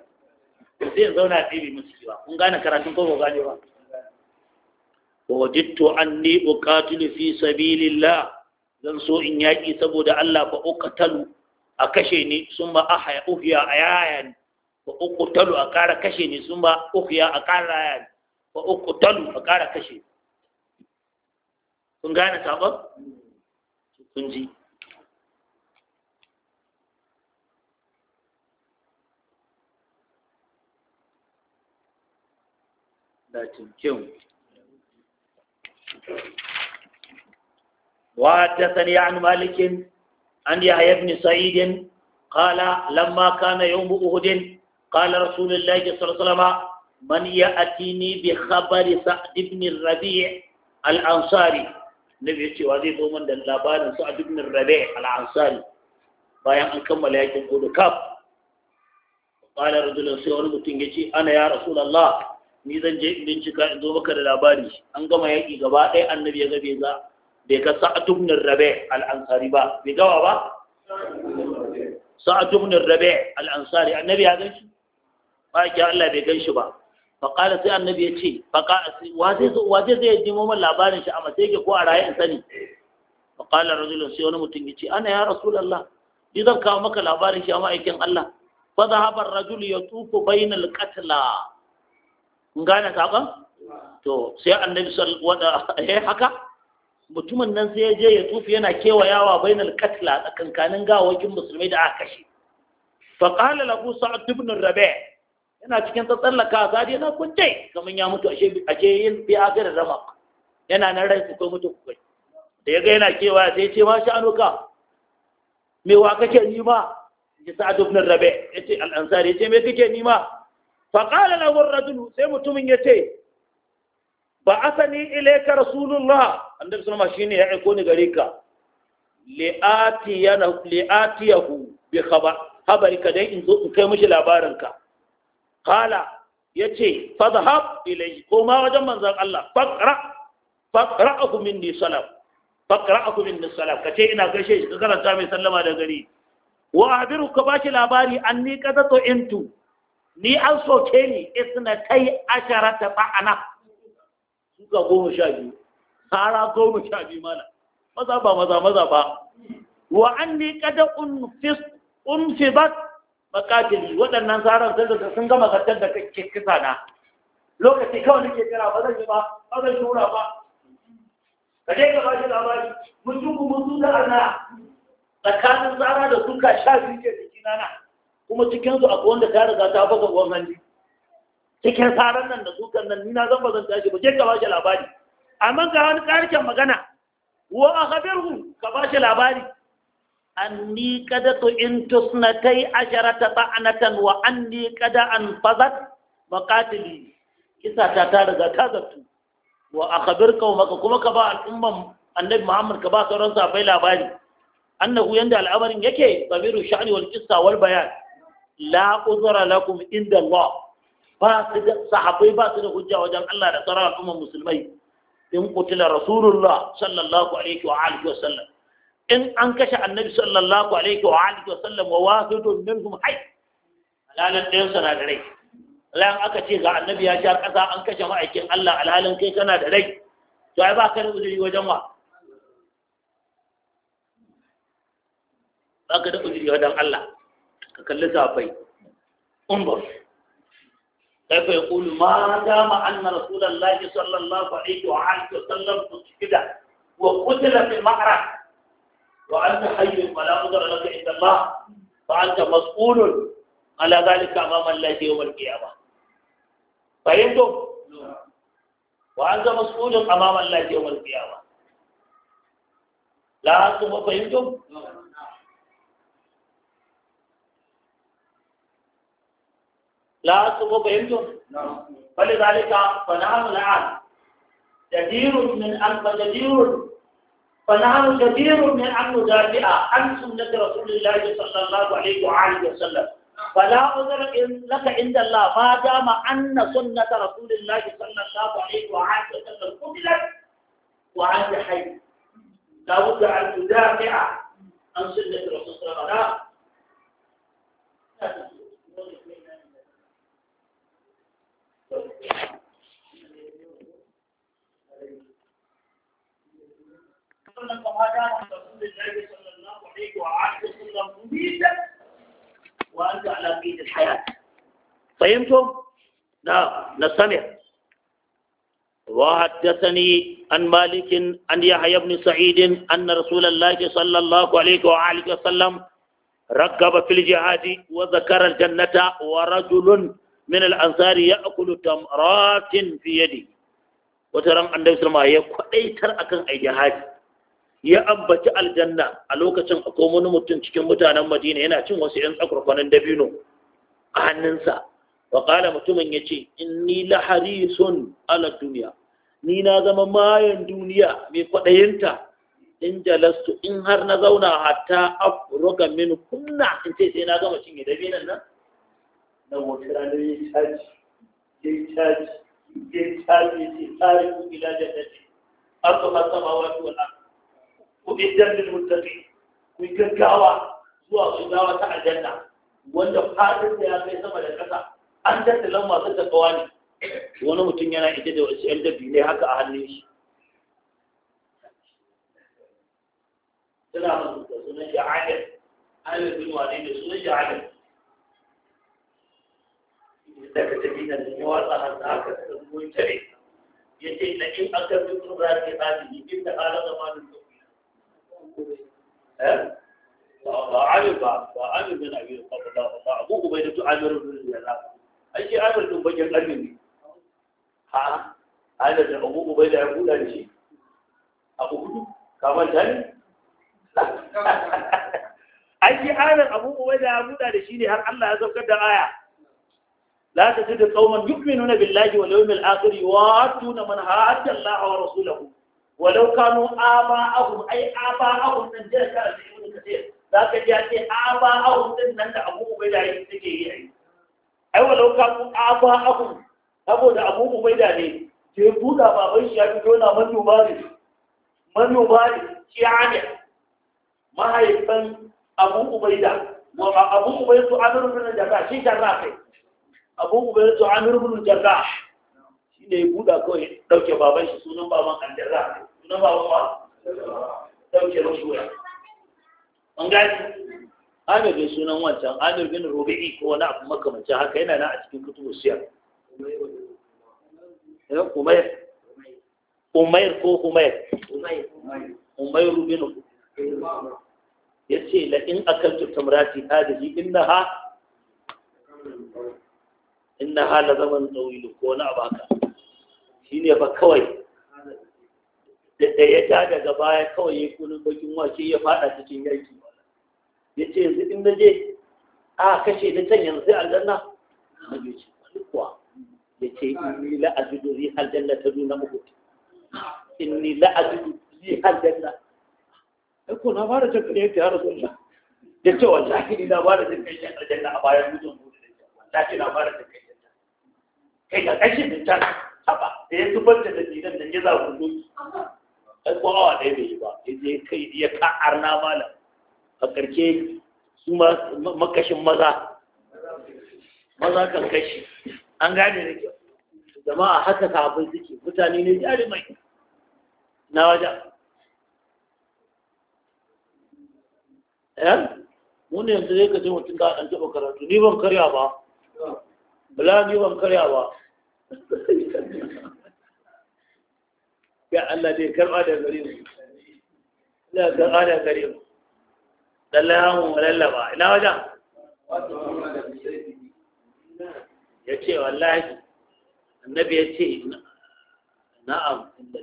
Speaker 1: to sai in zauna ɗebe musu ba, kun gane karatun ko ba gane ba wa wajidtu anni uqatilu fi sabilillah zan so in yaƙi saboda Allah fa talu a kashe ni a yaya ne ba fa talu a ƙara kashe ni ba uhya a ƙara ba fa talu a ƙara kashe kun gane sabon kun ji لكن وحدثني عن مالك عن يحيى بن سعيد قال لما كان يوم أهد قال رسول الله صلى الله عليه وسلم من يأتيني بخبر سعد بن الربيع الأنصاري النبي يقول وزيد دل لابان سعد بن الربيع الأنصاري bayan an kammala yakin كاب قال رجل سيوني sai أنا يا رسول الله ni zan je bincika in zo maka da labari an gama yaƙi gaba ɗaya annabi ya gabe za bai ga sa'atun bin rabe al'ansari ba bai gawa ba sa'atun bin rabe al'ansari annabi ya gan shi ba ki Allah bai gan shi ba faƙala sai annabi ya ce faƙala sai wace zai ji mun labarin shi a mace yake ko a raye in sani faƙala rajulun sai wani mutum ya ce ana ya Rasulallah. ni zan kawo maka labarin shi a ma'aikin Allah fa zahaba rajul yatufu bainal qatla kun gane sakon to sai annabi wada eh haka mutumin nan sai ya je ya tufi yana kewayawa bainal katla tsakankanin gawakin musulmai da aka kashe fa qala lahu sa'd ibn rabi' yana cikin tsallaka sadi yana kunce kaman ya mutu ashe ashe yin bi akhir ramak yana nan rai ku ko mutu ku da yaga yana kewaya sai ya ce ma sha'anuka me wa kake nima ji sa'd ibn rabi' yace al ansari yace me kake nima faƙala na rajulu sai mutumin ya ce ba asani ilaika rasulullah annabi sallama shine ya aiko ni gare ka li'atiyahu bi ka dai in zo in kai mishi labarinka ya yace fadhhab ilai ko ma wajen manzon Allah faqra faqra'ahu minni salam faqra'ahu minni salam kace ina gaishe shi ka karanta mai sallama da gari wa abiru ka bashi labari anni qadatu intu ni an soke ni isna kai ashara ta ba'ana suka goma sha biyu sara goma sha biyu mana maza ba maza maza ba wa an ni kada ba makatili waɗannan tsarar sun da sun gama zartar da kake kisa na lokaci kawai nake kira ba zan yi ba ba zan shura ba ka je ka bashi labari mun tuku mun tuta ana tsakanin tsara da suka sha biyu ke jikina na kuma cikinsu akwai wanda ta riga ta baka ruwan hanji cikin taron nan da dukan nan ni na zan bazan tashi ba je ka bashi labari amma ga wani ƙarshen magana wa akhbirhu ka bashi labari anni kada to in tusnatai asharata ta'natan wa anni kada an fazat maqatili kisa ta ta riga ta zattu wa akhbir qaumaka kuma ka ba al'umman annabi Muhammad ka ba sauran bai labari annahu yanda al'amarin yake zamiru sha'ni wal qissa wal bayan la uzra lakum inda Allah ba su da sahabbai ba su da hujja wajen Allah da tsara al'umma musulmai in kutila rasulullah sallallahu alaihi wa alihi wa sallam in an kashe annabi sallallahu alaihi wa alihi wa sallam wa wahidun minhum hayy alalan ɗayan sana da rai alalan aka ce ga annabi ya sha ƙasa an kashe ma'aikin Allah alalan kai kana da rai to ai ba ka da uzuri wajen wa ba ka da uzuri wajen Allah ka kalli sahabbai umar kaifa ƙulu ma dama anna rasulullahi sallallahu alaihi wa alihi wa sallam gida, wa qutila fi ma'ara wa anta hayyun wa la udra laka inda Allah fa ta mas'ulun ala dhalika amama Allah yawm al-qiyamah fahimtum wa anta mas'ulun amama Allah yawm al-qiyamah la antum fahimtum لا سوى فهمتم فلذلك فنحن الآن جدير من أن جدير فنحن جدير من أن ندافع عن سنة رسول الله صلى الله عليه وآله وسلم فلا عذر لك عند الله ما دام أن سنة رسول الله صلى الله عليه وآله وسلم قبلت وأنت حي لابد أن تدافع عن سنة رسول الله لا صلى الله عليه وسلم وأنت على قيد الحياة فهمتم؟ نعم نستمع وحدثني عن مالك عن يحيى بن سعيد أن رسول الله صلى الله عليه وآله وسلم ركب في الجهاد وذكر الجنة ورجل من الأنصار يأكل تمرات في يده وترى أن النبي الله يقول أي ترى أكن أي جهاد ya ambaci aljanna a lokacin a wani mutum cikin mutanen madina yana cin wasu 'yan tsakurkwanin dabino a hannunsa wa kala mutumin ya ce ni inni laharisun ala duniya ni na zama mayan duniya mai kwaɗayinta in jalastu in har na zauna hatta afroka min kunna in ce sai na gama cinye dabi nan na wata ranar yi caji yi caji yi caji yi وبيهدم للمتقين ويكفك الله سوى صداوة على الجنة وانت قادر يا بيت ملكة الكسا أنت لما ضد القواني وانا متنينا انت دو اسئل دو بيلي حق أهل نيش سلام الله سنجا عالم أهل بن والين سنجا عالم ذاك تبين النوار أهل ذاك تبين يتين لكي أكبر من رأيك هذه إذا قال الله ba amir ba ba amir bin ba abu amir amir bakin karni ne ha ana da abu da ya kula da shi abu hudu kamar ta ne ai shi amir abu da ya kula da shi ne har Allah ya saukar da aya لا تجد قوما يؤمنون بالله واليوم الآخر يواتون mana هاد الله rasulahu. walau kanu aba'ahum ai aba'ahum nan jira ta da ibnu kathir zaka ji ce aba'ahum din nan da Abu Ubaida yake yi ai ai walau kanu aba'ahum saboda Abu Ubaida ne ke buɗa baban shi ya a na manoma ne manoma ne kiyane su Amir bin Jarrah shi kai Abu Ubaida su Amir bin Jarrah inda ya buɗa kawai ɗauke baban shi sunan baban aljaza sunan baban ba ɗauke mashi wuya an gani amir bin sunan wancan amir bin rubi'i ko wani abu makamancin haka yana nan a cikin kutubu siya eh, umair umair ko umair umair bin ya ce la in akaltu tamrati ha innaha ha la zaman tawilu ko na abaka shi ne ba kawai da ya ta daga baya kawai ya kunin bakin wace ya fada cikin yanki ya ce yanzu inda je a kashe na can yanzu aljanna na biyu kuwa ya ce inni la'ajudu zai aljanna ta nuna uku inni la'ajudu zai aljanna ya kuna ba da cin kan yanki har sunna ya ce wa ni na ba da kan yanki aljanna a bayan mutum wallahi na fara cin kan yanki kai ka kashe da haba da ya zubar da dalilan da ya za ku doki ai ko awa ɗaya bai yi ba ya je kai ya ka arna malam a ƙarshe su makashin maza maza kan kashi an gane da kyau jama'a haka sahabbai suke mutane ne jarumai na wajen eh? ɗan wani yanzu zai ka je mutum da an taɓa karatu ni ban karya ba bala ni ban karya ba ya Allah dai karba da gare mu ina karɓa da gare mu wa lallaba ina wajen ya ce wallahi annabi ya ce na'am inda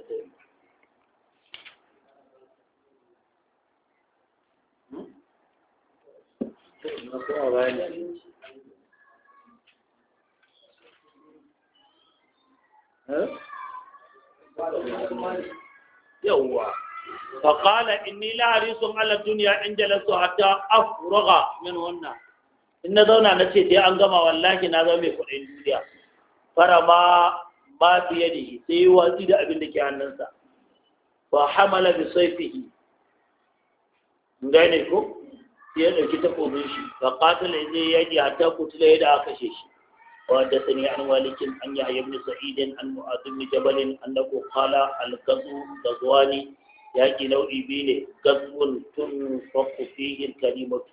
Speaker 2: Thank you.
Speaker 1: yawwa faƙala inni sun ala duniya in jalasu hatta afraga min wannan in na zauna na ce dai an gama wallahi na zama mai kudin duniya fara ma ba fiye da yi sai yi watsi da abin da ke hannunsa ba hamala bi saifihi gane ko sai ya ɗauki takobin shi ba ƙatala ya yaƙi hatta kutula yadda aka kashe shi وحدثني عن مالك عن يحيى بن سعيد عن معاذ بن جبل انه قال الغزو غزوان yaƙi nau'i biyu ne gazwun tun faku fihin kalimatu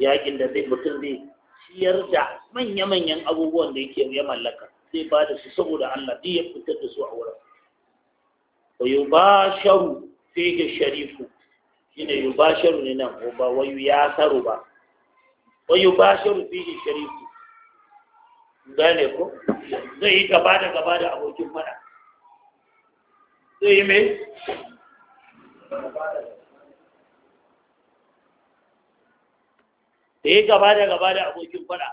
Speaker 1: yaƙin da zai mutum zai ciyar da manya-manyan abubuwan da yake ya mallaka zai ba da su saboda Allah duk ya fitar da su a wurin wa yubasharu fihi sharifu shine yubasharu ne nan ko ba wayu ya saru ba wa yubasharu fihi sharifu zane ko zai yi gaba da gaba da abokin mana zai yi mai da yi gaba da gaba da abokin fada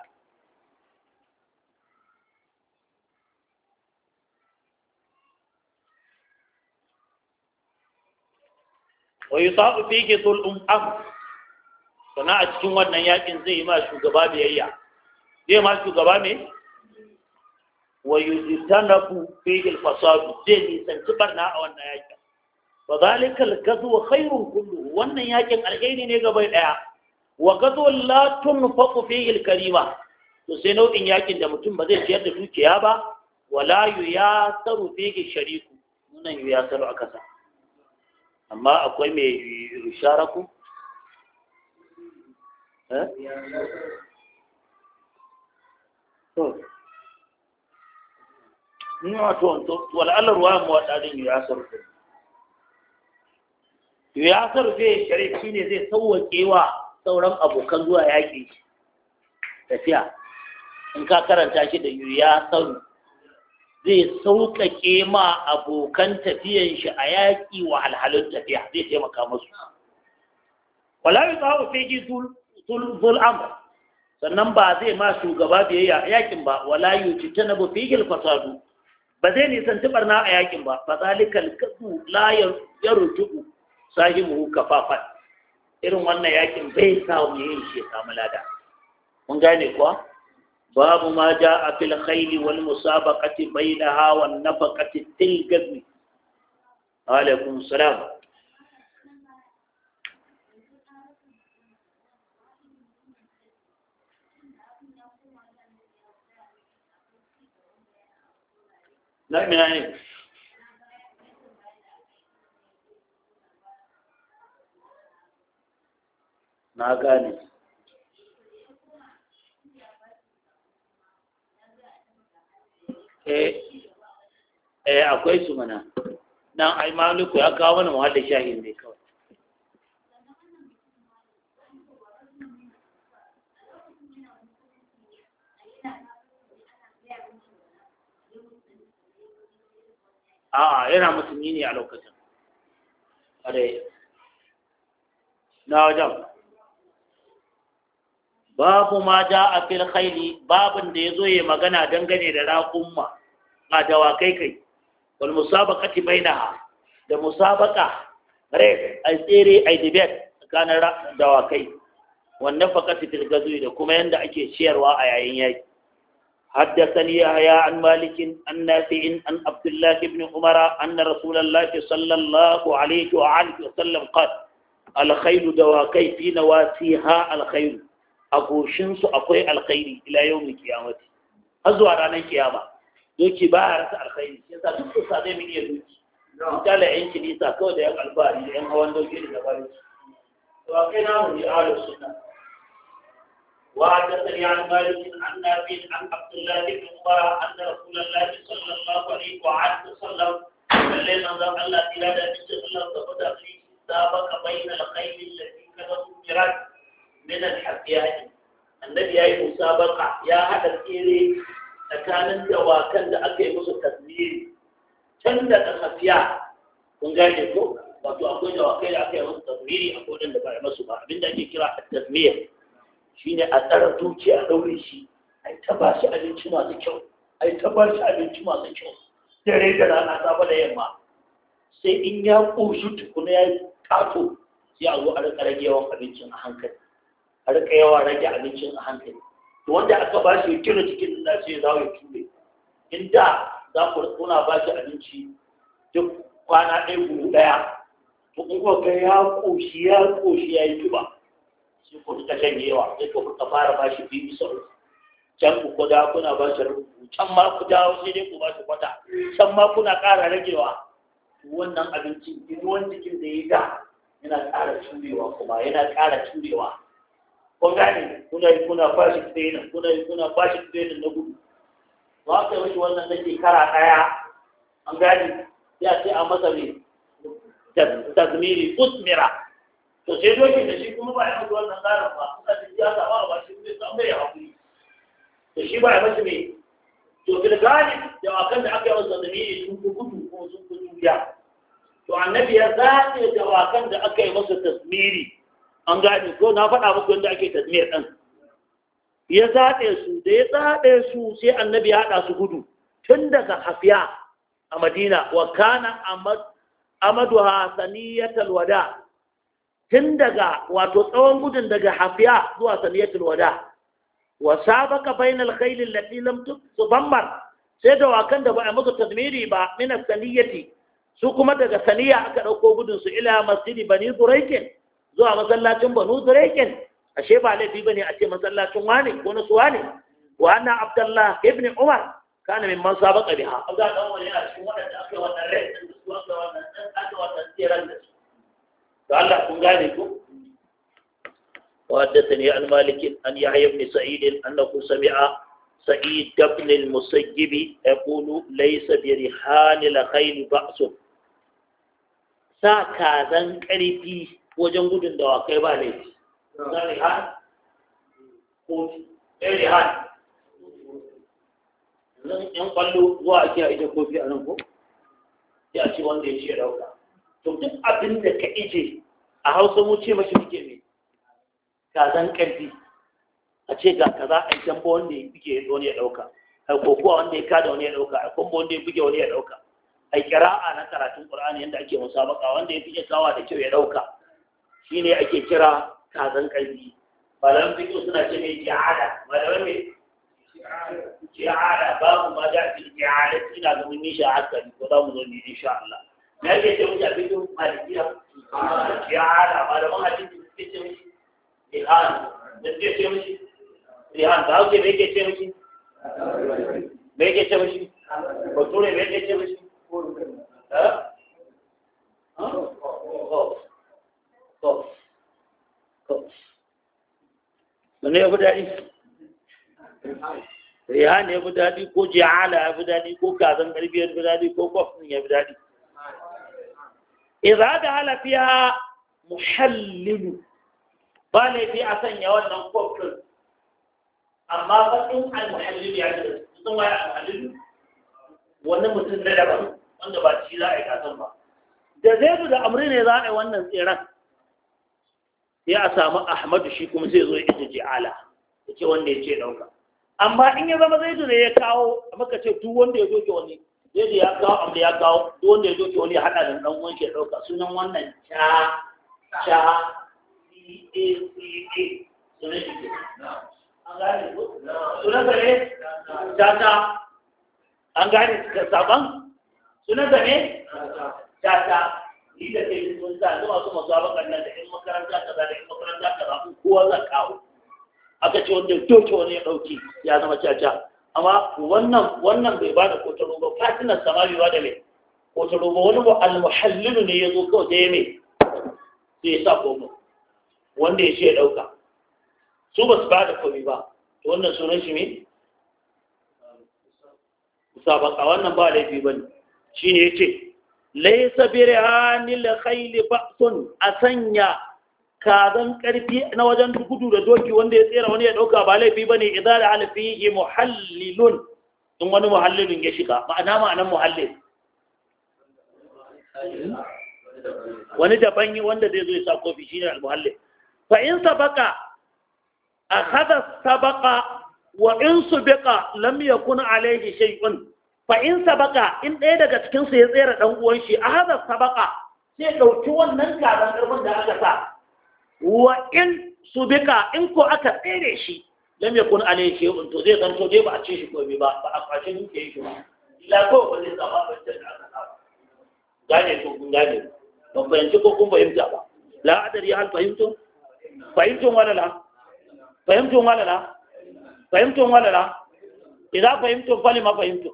Speaker 1: wa yi sa'u fi ke sul'un am sana a cikin wannan yakin zai yi ma shugaba biyayya zai ma shugaba mai wa yujtanabu fihi al-fasad zai nisanci barna a wannan yakin fa zalika al-ghazwu khairun kullu wannan yakin alheri ne gaba ɗaya. wa ghazwu la tunfaqu fihi al-karima to sai nau'in yakin da mutum ba zai ciyar da dukiya ba wala yuyasaru fihi shariku nan yuyasaru aka sa amma akwai mai sharaku eh wato wal'alar wa mu wata din ya sarfe ya sarfe shari'a shine zai sauwake wa sauran abokan zuwa yaƙi tafiya in ka karanta shi da ya sauri zai sauƙaƙe ma abokan tafiyan shi a yaƙi wa halhalun tafiya zai taimaka musu walari za ku fegi zul amr sannan ba zai ma shugaba biyayya yakin ba wala yuci ta na bu fegil fasadu ba zai nisanci barna a yakin ba fa zalikal kasu la yarju'u sahibu kafafan irin wannan yakin bai samu yin shi ya samu lada mun gane kuwa babu ma a fil khayli wal musabaqati bainaha wan nafaqati tilgazi alaikum salam na ne na gane eh eh akwai su mana nan aimaluku ya kawo mana muhallin shahin ne kawai a'a yana musulmi ne a lokacin are na wajen babu ma ja a fil khaili babin da ya zo ya magana dangane da raƙumma a dawakai kai wal musabaqati bainaha da musabaka race ai tsere ai dibet, tsakanin dawakai wannan faqati fil da kuma yadda ake ciyarwa a yayin yaki حدثني يحيى عن مالك عن نافع عن عبد الله بن عمر أن رسول الله صلى الله عليه وآله وسلم قال الخيل دواكي في نواسيها الخيل أقوشن أقوي الخير إلى يوم القيامة أزوى رانا القيامة دوكي بارس الخير يسا دوكي صادي من يدوكي misali yanki nisa kawai da yan albari da yan hawan doki da labari to a kai namu ne ahalus sunna
Speaker 2: وحدثني
Speaker 1: عن مالك عن نافع عن عبد الله بن عمر ان رسول الله صلى الله عليه وعلى وسلم لله نظر الله تعالى ان الله في سابق بين الخيل التي كانت مرات من الحفياء النبي اي مسابقه يا هذا الكيري tsakanin dawakan da aka yi musu tasmiri can da kasafiya kun gane ko wato akwai dawakai da aka yi musu shine a tsara dukiya daure shi ai ta ba shi abinci masu kyau ai ta ba shi abinci masu kyau dare da rana ba da yamma sai in ya ƙoshi tukuna ya ƙato sai a zo a rika rage yawan abincin a hankali a rika yawan rage abincin a hankali wanda aka ba shi kira cikin da sai za ya ture in da za ku kuna ba shi abinci duk kwana ɗaya buhu ɗaya to in kuka ya ƙoshi ya ƙoshi ya yi tuba shi ko suka shanye yawa sai ko kuka fara ba shi bibi bisa uku can ku kuda kuna ba shi rubu can ma ku dawo sai dai ku ba shi kwata can ma kuna ƙara ragewa wannan abinci ruwan cikin da ya da yana ƙara turewa kuma yana ƙara turewa Ko gane kuna yi kuna ba shi training kuna yi kuna ba shi training na gudu ba ka yi wannan na shekara ɗaya an gane ya ce a masa ne tazmiri usmira to sai dokin da shi kuma ba ya mutu wannan tsarin ba suka ce ya samu a bashi kuma sun bai hakuri to shi ba ya mace mai to bil da dawakan da aka yi masa ne sun fi gudu ko sun fi juriya to annabi ya zaɓe dawakan da aka yi masa tasmiri an gani ko na faɗa muku yadda ake tasmir ɗan ya zaɓe su da ya zaɓe su sai annabi ya haɗa su gudu tun daga hafiya a madina wa kana amaduha saniyatal wada tun daga wato tsawon gudun daga hafiya zuwa saniyatul wada wa sabaka bainal khayl allati lam tudammar sai da wakan da ba a musu tadmiri ba min saniyati su kuma daga saniya aka dauko gudun su ila masjidi bani zuraikin, zuwa masallacin banu zuraikin? ashe ba laifi bane a ce masallacin wani ko na su wani? wa anna abdullah ibn umar kana min man sabaka biha abdullah dan wani yana cikin wadanda aka wannan rai da su aka wannan aka wannan tsiran da su to Allah kun gane ku وحدثني عن مالك أن يحيى بن سعيد أنه سمع سعيد بن المسيب يقول ليس برحال الخيل بأس sa kazan ƙarfi wajen gudun dawakai ba laifi zarihan kofi zarihan yanzu yan kwallo zuwa ake a kofi a nan ya ce wanda ya ce dauka to duk abin da ka ije a hausa mu ce mashi muke ne kazan karfi a ce ga kaza a can wanda ya buge wani ya dauka a kokowa wanda ya kada wani ya dauka a kuma wanda ya buge wani ya dauka kira a na karatun qur'ani yadda ake musabaka wanda ya fiye sawa da kyau ya dauka ne ake kira kazan karfi malam fiqh suna ce mai ji'ada malam mai ji'ada babu ma da fi ji'ada ina zama mun a hankali ko za mu zo ne insha Allah na ke ce mushi abin yin malikiya ya hada malaman hadisi suke ce mushi rihan da suke ce mushi rihan da hauke me ke ce mushi me ke ce mushi bature me ke ce mushi Mene ya fi daɗi? Rihan ya fi daɗi ko jihala ya fi daɗi ko kazan ƙarfi ya fi daɗi ko kwafin ya fi daɗi. Iza da halafiya muhallilu ba laifi a sanya wannan kofin amma bakin al-muhallilu ya ce sun waye al-muhallilu wani mutum na daban wanda ba shi za a yi kasan ba da zai da amri ne za a yi wannan tseren ya a samu ahmadu shi kuma sai zo ita ce ala ya ce wanda ya ce ɗauka amma in ya zama zai ne ya kawo maka ce duk wanda ya zo ke wani yaji ya kawo amma ya kawo wanda ya doke wani ya hada da dan uwan shi sunan wannan cha cha c a c a sunan shi ke an gane ko sunan sa ne cha cha an gane saban sunan sa ne cha cha ni da kai sun sa da masu musabakan nan da in makaranta kaza da in makaranta kaza kowa zan kawo aka ce wanda ya doke wani ya dauki ya zama cha cha amma wannan wannan bai bada kotaro ba fatinar samari ba bada mai kotaro ba wani ba almuhallilu ne ya zo kawai da ya mai sai ya sa komo wanda ya ce ya ɗauka su ba su bada komi ba to wannan sunan shi ne musabaka wannan ba laifi ba ne shi ne ya ce laisa birhanil khayli ba'sun a sanya kazan karfi na wajen gudu da doki wanda ya tsera wani ya dauka ba laifi bane idan da halfihi muhallilun in wani muhallilun ya shiga ma'ana ma'anan muhallil wani daban wanda zai zo ya sa kofi shine al-muhallil fa in sabaka akhadha sabaka wa in subiqa lam yakun alayhi shay'un fa in sabaka in ɗaya daga cikin su ya tsere dan uwan shi akhadha sabaka sai dauki wannan kazan karfin da aka sa wa in bika in ko aka tsere shi lam yakun alayhi shay'un to zai zanto dai ba a ce shi ko ba ba a kwace duke shi ba illa ko ba zai zama ba da aka saba gane ko kun gane ba fahimci ko kun fahimta ba la adari hal fahimtum fahimtum wala la fahimtum wala la fahimtum wala la fali ma fahimtum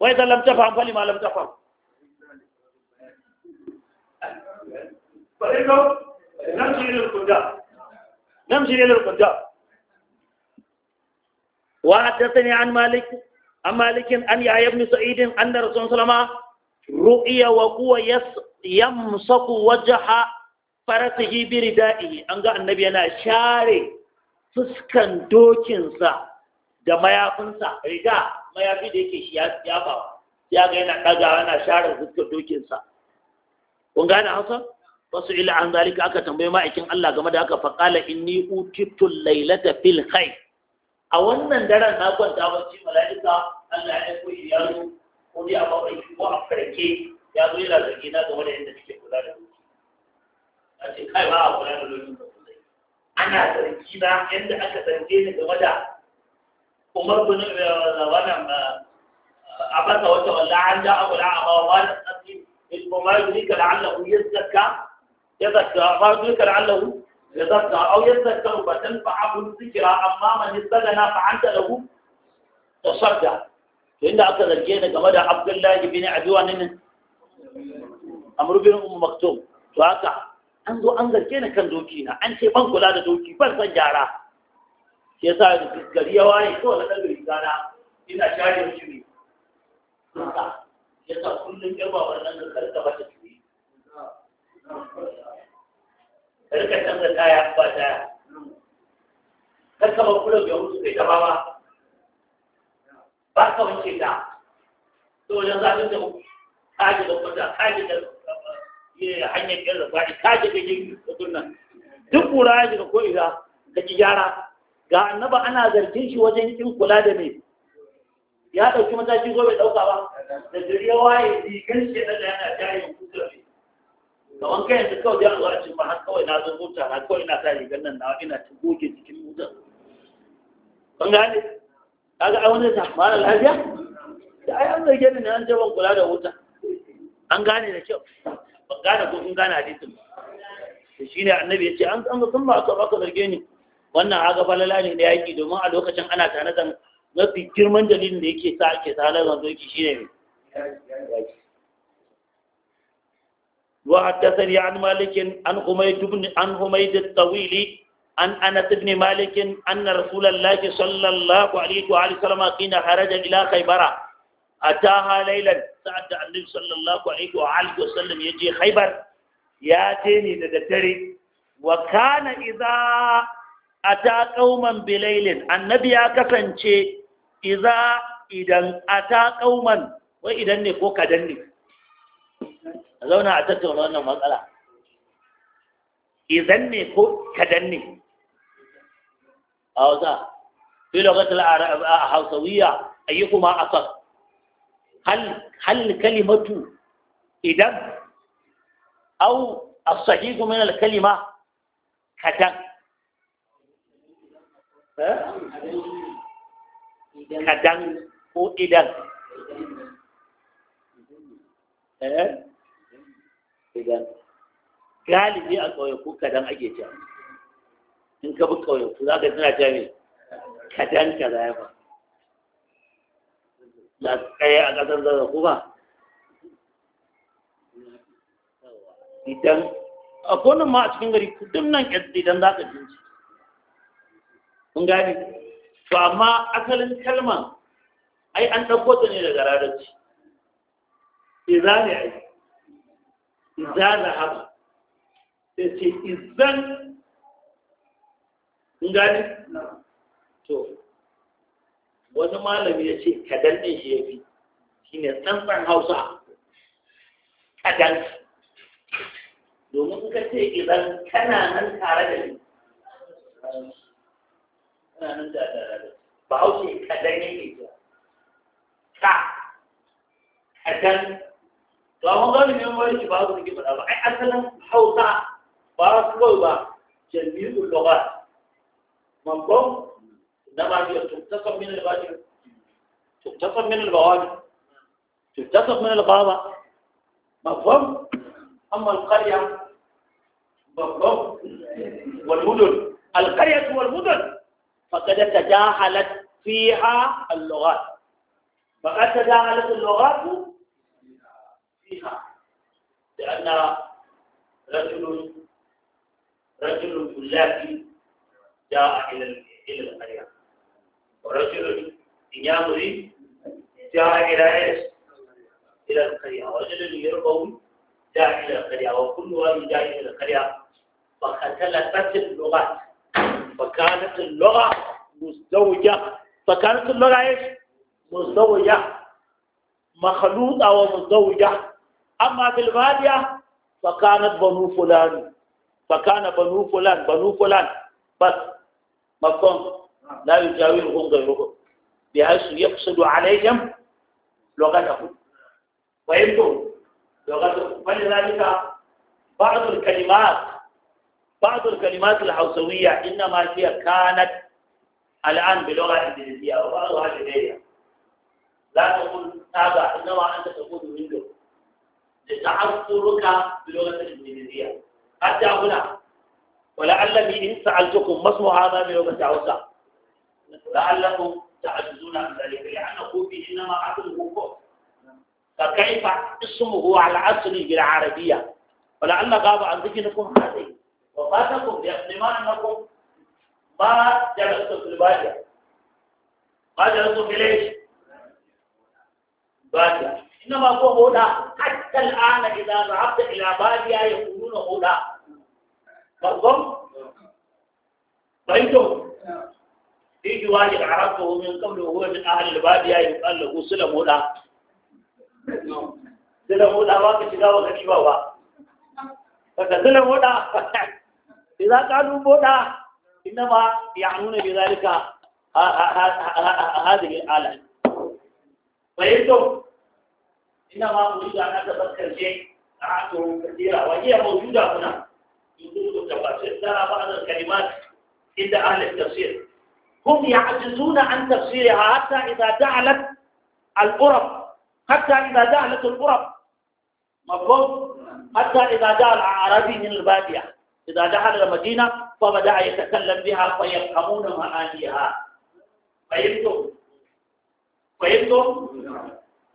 Speaker 1: wa idza lam tafham fali ma lam tafham fahimtum نمشي إلى القنداق نمشي وحدثني عن مالك عن مالك أن يحيى ابن سعيد أن رسول صلى الله عليه وسلم رؤي وهو يمسك وجه فرسه بردائه أن النبي أنا شاري fuskan dokinsa da mayafinsa riga mayafi da yake shi ya fawa ya ga yana ɗaga yana share fuskan dokinsa kun gane hausa wasu ila an zalika aka tambaye ma'aikin Allah game da haka faƙala inni utibtu lailata fil khayr a wannan daren na kwanta bacci mala'ika Allah ya aiko shi ya zo ko dai a babai ko a farke ya zo yana zargi na game da yadda nake kula da lokaci A ce kai ba a kula da lokaci ana zargi na yadda aka zarge ni game da Umar bin eh, eh, a abasa wata walla an da'a wala a bawa wani asiri ilmu ma yurika la'allahu yazzaka يذكر فذلك لعله يذكر أو يذكر فتنفعه الذكرى أما من استغنى فأنت له تصدع فإن أكثر الجنة كما عبد الله بن عدوان أمر بن أم مكتوم فهذا an zo an zarge ni kan doki na an ce ban kula da doki ban san gyara shi sa da gari ya waye to na daga riga na ina share shi ne sa kullum yaba wannan da karka bata ka rika canza kaya ba ta kar ka ba kula bai mutu kai ta ba ba ka wanke ta to wajen zafin da kaji da kwata kaji da eh, hanyar yin rafari kaji da yin kudunan duk kura ya shiga ko'ina ka ki gyara ga annaba ana zargin shi wajen kin kula da mai ya ɗauki mataki zo bai ɗauka ba da jirgin waye rigar shi na da yana jayin kusurfi kawan wanka yanzu kawai yana zuwa cin har kawai na zo mota na kawai ina sa rigar nan na ina ta goge jikin motar kan gane kaga ai wani ta mara lafiya da ai an zarge ni ne an jaban kula da wuta an gane da kyau ban gane ko kun gane hadisin ba shi ne annabi ya ce an san sun ba aka baka zarge ni wannan aga falala ne da yaki domin a lokacin ana tare da mafi girman dalilin da yake sa ake tsalar zanzo yake shine ne وحدثني عن مالك عن حميد بن عن حميد الطويل عن انس بن مالك ان رسول الله صلى الله عليه وآله وسلم حين خرج الى خيبر اتاها ليلا سعد النبي صلى الله عليه وآله وسلم يجي خيبر ياتيني ددتري وكان اذا ata kauman bilailin annabi ya kasance iza idan ata kauman wai idan ne ko kadan ne زونا عدت ولا أنه مسألة إذن يكون كدني أو ذا في لغة العرب الحوصوية أيكما أصح هل هل كلمة إذن أو الصحيح من الكلمة كدن كدن أو إذن idan galibi a ƙauyaku kadan ake cewa in ka bi ƙauyaku za ka tana cewa ne kadan kaza ya ba da tsaye a ƙasar zaza ba idan a konin ma a cikin gari kudin nan idan za ka jinci kun gani to amma asalin kalman ai an ɗauko ta ne daga rarraci iza ne aiki. idza haba sai ce izan ngani to wani malami ya ce kadan ɗin shi ya fi shi ne tsantsan hausa kadan domin ka ce idan kana nan tare da ni kana nan tare da ba hausa kadan yake ka kadan to amma galibin wani shi ba su suke faɗa ba ai asalin hausa ba su kawai ba jami'ul logat mabon na mafiya tuktasan min al-bajir tuktasan min al-bawabi tuktasan min al-baba mabon amma al-qarya mabon wal-mudun al-qaryatu wal-mudun faqad tajahalat fiha al-lughat faqad tajahalat al-lughat أن رجل رجل فلاحي جاء إلى إلى القرية ورجل يامري جاء إلى إلى القرية ورجل يربوي جاء إلى القرية وكل واحد جاء إلى القرية فاختلفت اللغات فكانت اللغة مزدوجة فكانت اللغة إيش؟ مزدوجة مخلوطة ومزدوجة أما في فكانت بنو فلان فكان بنو فلان بنو فلان بس مفهوم لا يجاورهم غيرهم بحيث يقصد عليهم لغتهم فهمتم لغتهم فلذلك بعض الكلمات بعض الكلمات الحوسوية إنما هي كانت الآن بلغة إنجليزية وبعضها جديدة لا تقول هذا إنما أنت تقول منه لتعذرك بلغة الإنجليزية حتى هنا ولعلني إن سألتكم ما اسم هذا بلغة عوسة لعلكم تعجزون عن ذلك لأنه فيه إنما عقله كفر فكيف اسمه على عصر بالعربية ولعل غاب عن ذكركم هذه وفاتكم ما أنكم ما جلستم في البادية ما جلستم في ليش؟ بادية إنما هو هدى حتى الآن إذا ذهبت إلى باديا يقولون هدى فالضم فهمتم؟ في واحد عرفته من قبل وهو من أهل الباديا يقال له سلم هدى سلم هدى واقع كشفا وغريبا هو فكسلم هدى إذا قالوا هدى إنما يعنون بذلك هذه الآلة فهمتم؟ إنما أريد أن أتذكر شيء قرأته كثيرا وهي موجودة هنا في كتب التفاسير ترى بعض الكلمات عند أهل التفسير هم يعجزون عن تفسيرها حتى إذا دعلت القرب حتى إذا دعلت القرب مفهوم حتى إذا دعل عربي من البادية إذا دخل المدينة فبدأ يتكلم بها فيفهمون معانيها فهمتم؟ فهمتم؟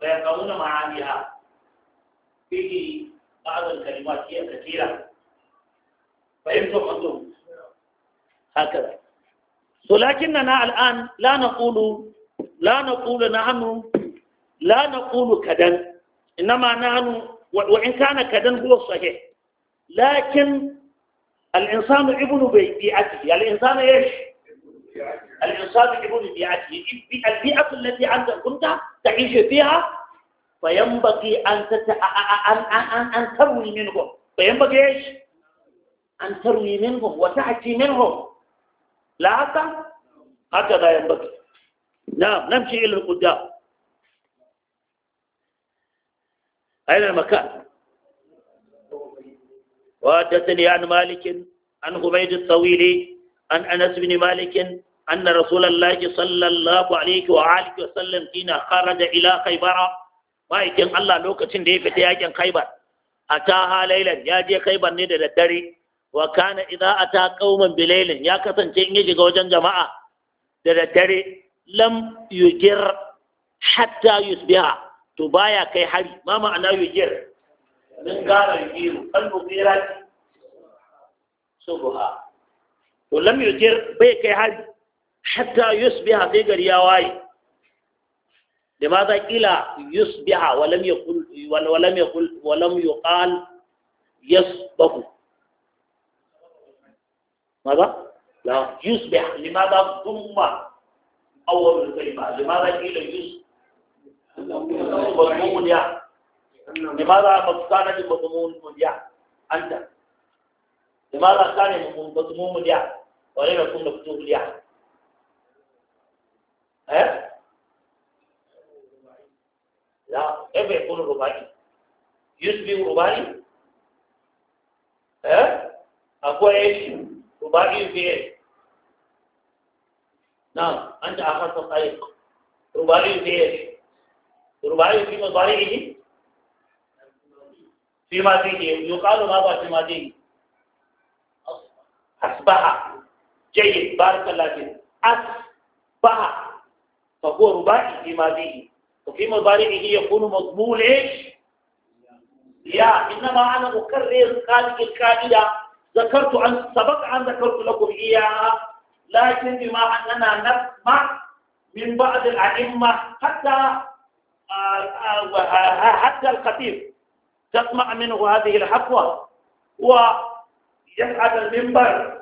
Speaker 1: فيقعون معانيها فيه بعض الكلمات هي كثيرة فهمتم أنتم هكذا ولكننا الآن لا نقول لا نقول نحن لا نقول كذا إنما نحن وإن كان كذا هو صحيح لكن الإنسان ابن بيئته يعني الإنسان إيش؟ الإنسان يجب بيعته البيئة التي أنت كنت تعيش فيها فينبغي أن تت... أن أن أن تروي منهم فينبغي إيش؟ أن تروي منهم وتحكي منهم لا هكذا؟ هكذا ينبغي نعم نمشي إلى القدام أين المكان؟ وحدثني عن مالك عن حميد الطويل an anas bin malik anna rasulullahi sallallahu alaihi wa alihi wa sallam kina kharaja ila khaybara ma'aikin Allah lokacin da ya fita yakin khaybar ataha lailan ya je Kaibar ne da daddare wa kana idza ata qauman bilailin ya kasance in ya shiga wajen jama'a da daddare lam yujir hatta yusbiha to baya kai hari ma ma'ana yujir min gara yujiru ولم يجر بيك أحد حتى يصبح تجر يا واي لماذا إلى يصبح ولم يقل ولم يقل ولم يقال يصبح ماذا؟ لا يصبح لماذا ثم أول الكلمة لماذا إلى يصبح مضمون يا لماذا مبتدأ مضمون يا أنت لماذا كان مضمون يا ولم يكن مكتوب لي احد يعني. ها لا كيف يكون رباعي يشبه رباعي ها اقوى ايش رباعي في ايش نعم انت اخذت الطريق رباعي في ايش رباعي في مضارعه في ماضيه يقال ماذا في ماضيه أصبح جيد بارك الله فيك أصبح فهو رباعي في ماضيه وفي مضارعه يكون مضمون ايش؟ يا انما انا اكرر هذه القاعده ذكرت عن سبق ان ذكرت لكم اياها لكن بما اننا نسمع من بعض الائمه حتى حتى الخطيب تسمع منه هذه الحفوه ويسعد المنبر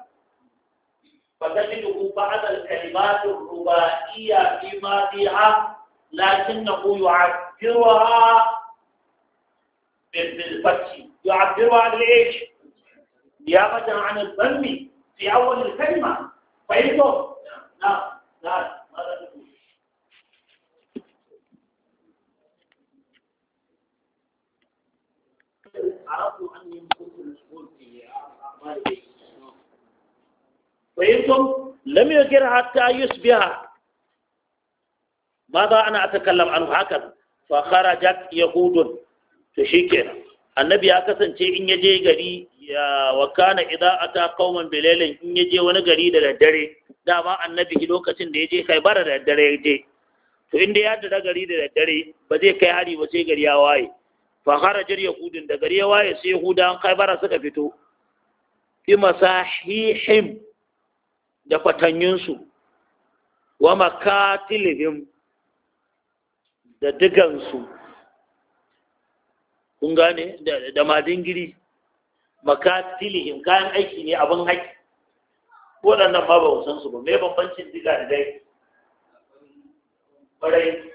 Speaker 1: فتجده بعض الكلمات الرباعية فيما فيها لكنه يعبرها بالفتح يعبرها عن ايش؟ نيابة عن الذم في أول الكلمة فهمت؟ نعم. نعم نعم ماذا تقول؟ عرفت أني كنت مشغول في أعمال بيتي fahimtum lam yakir hatta yusbiha ماذا أنا أتكلم عنه هكذا فخرجت يهود فشيكنا النبي أكثر شيء إن يجي غري وكان إذا أتى قوما بليل إن ya وانا غري دا دري دا ما النبي لو كتن دي يجي خيبر دا دري يجي to inda ya tada gari da dare ba zai kai hari ba sai gari ya waye fa kharajar yahudin da gari ya waye sai yahudan khaybara suka fito fi masahihim da fatanyinsu wa makatilihim da digansu kun gane da madingiri makatilihim kayan aiki ne abin haƙi waɗannan ma ba san su ba mai bambancin diga da dai ƙwarai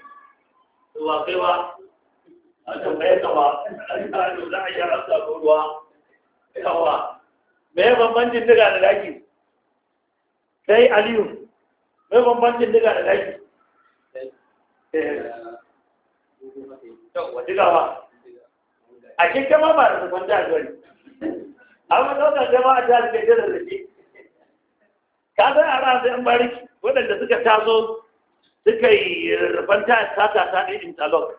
Speaker 1: ruwa kaiwa a tambaye ka ba a za a yi rasa ruwa yawa mai bambancin diga da dakin? sai aliyu mai bambancin diga da daki eh. digawa a ma ba da sufan da gari amma daukar jama'a ta da ke da shi ka zai a ran yan bariki waɗanda suka taso suka yi rufanta ta ta ta ɗin intalok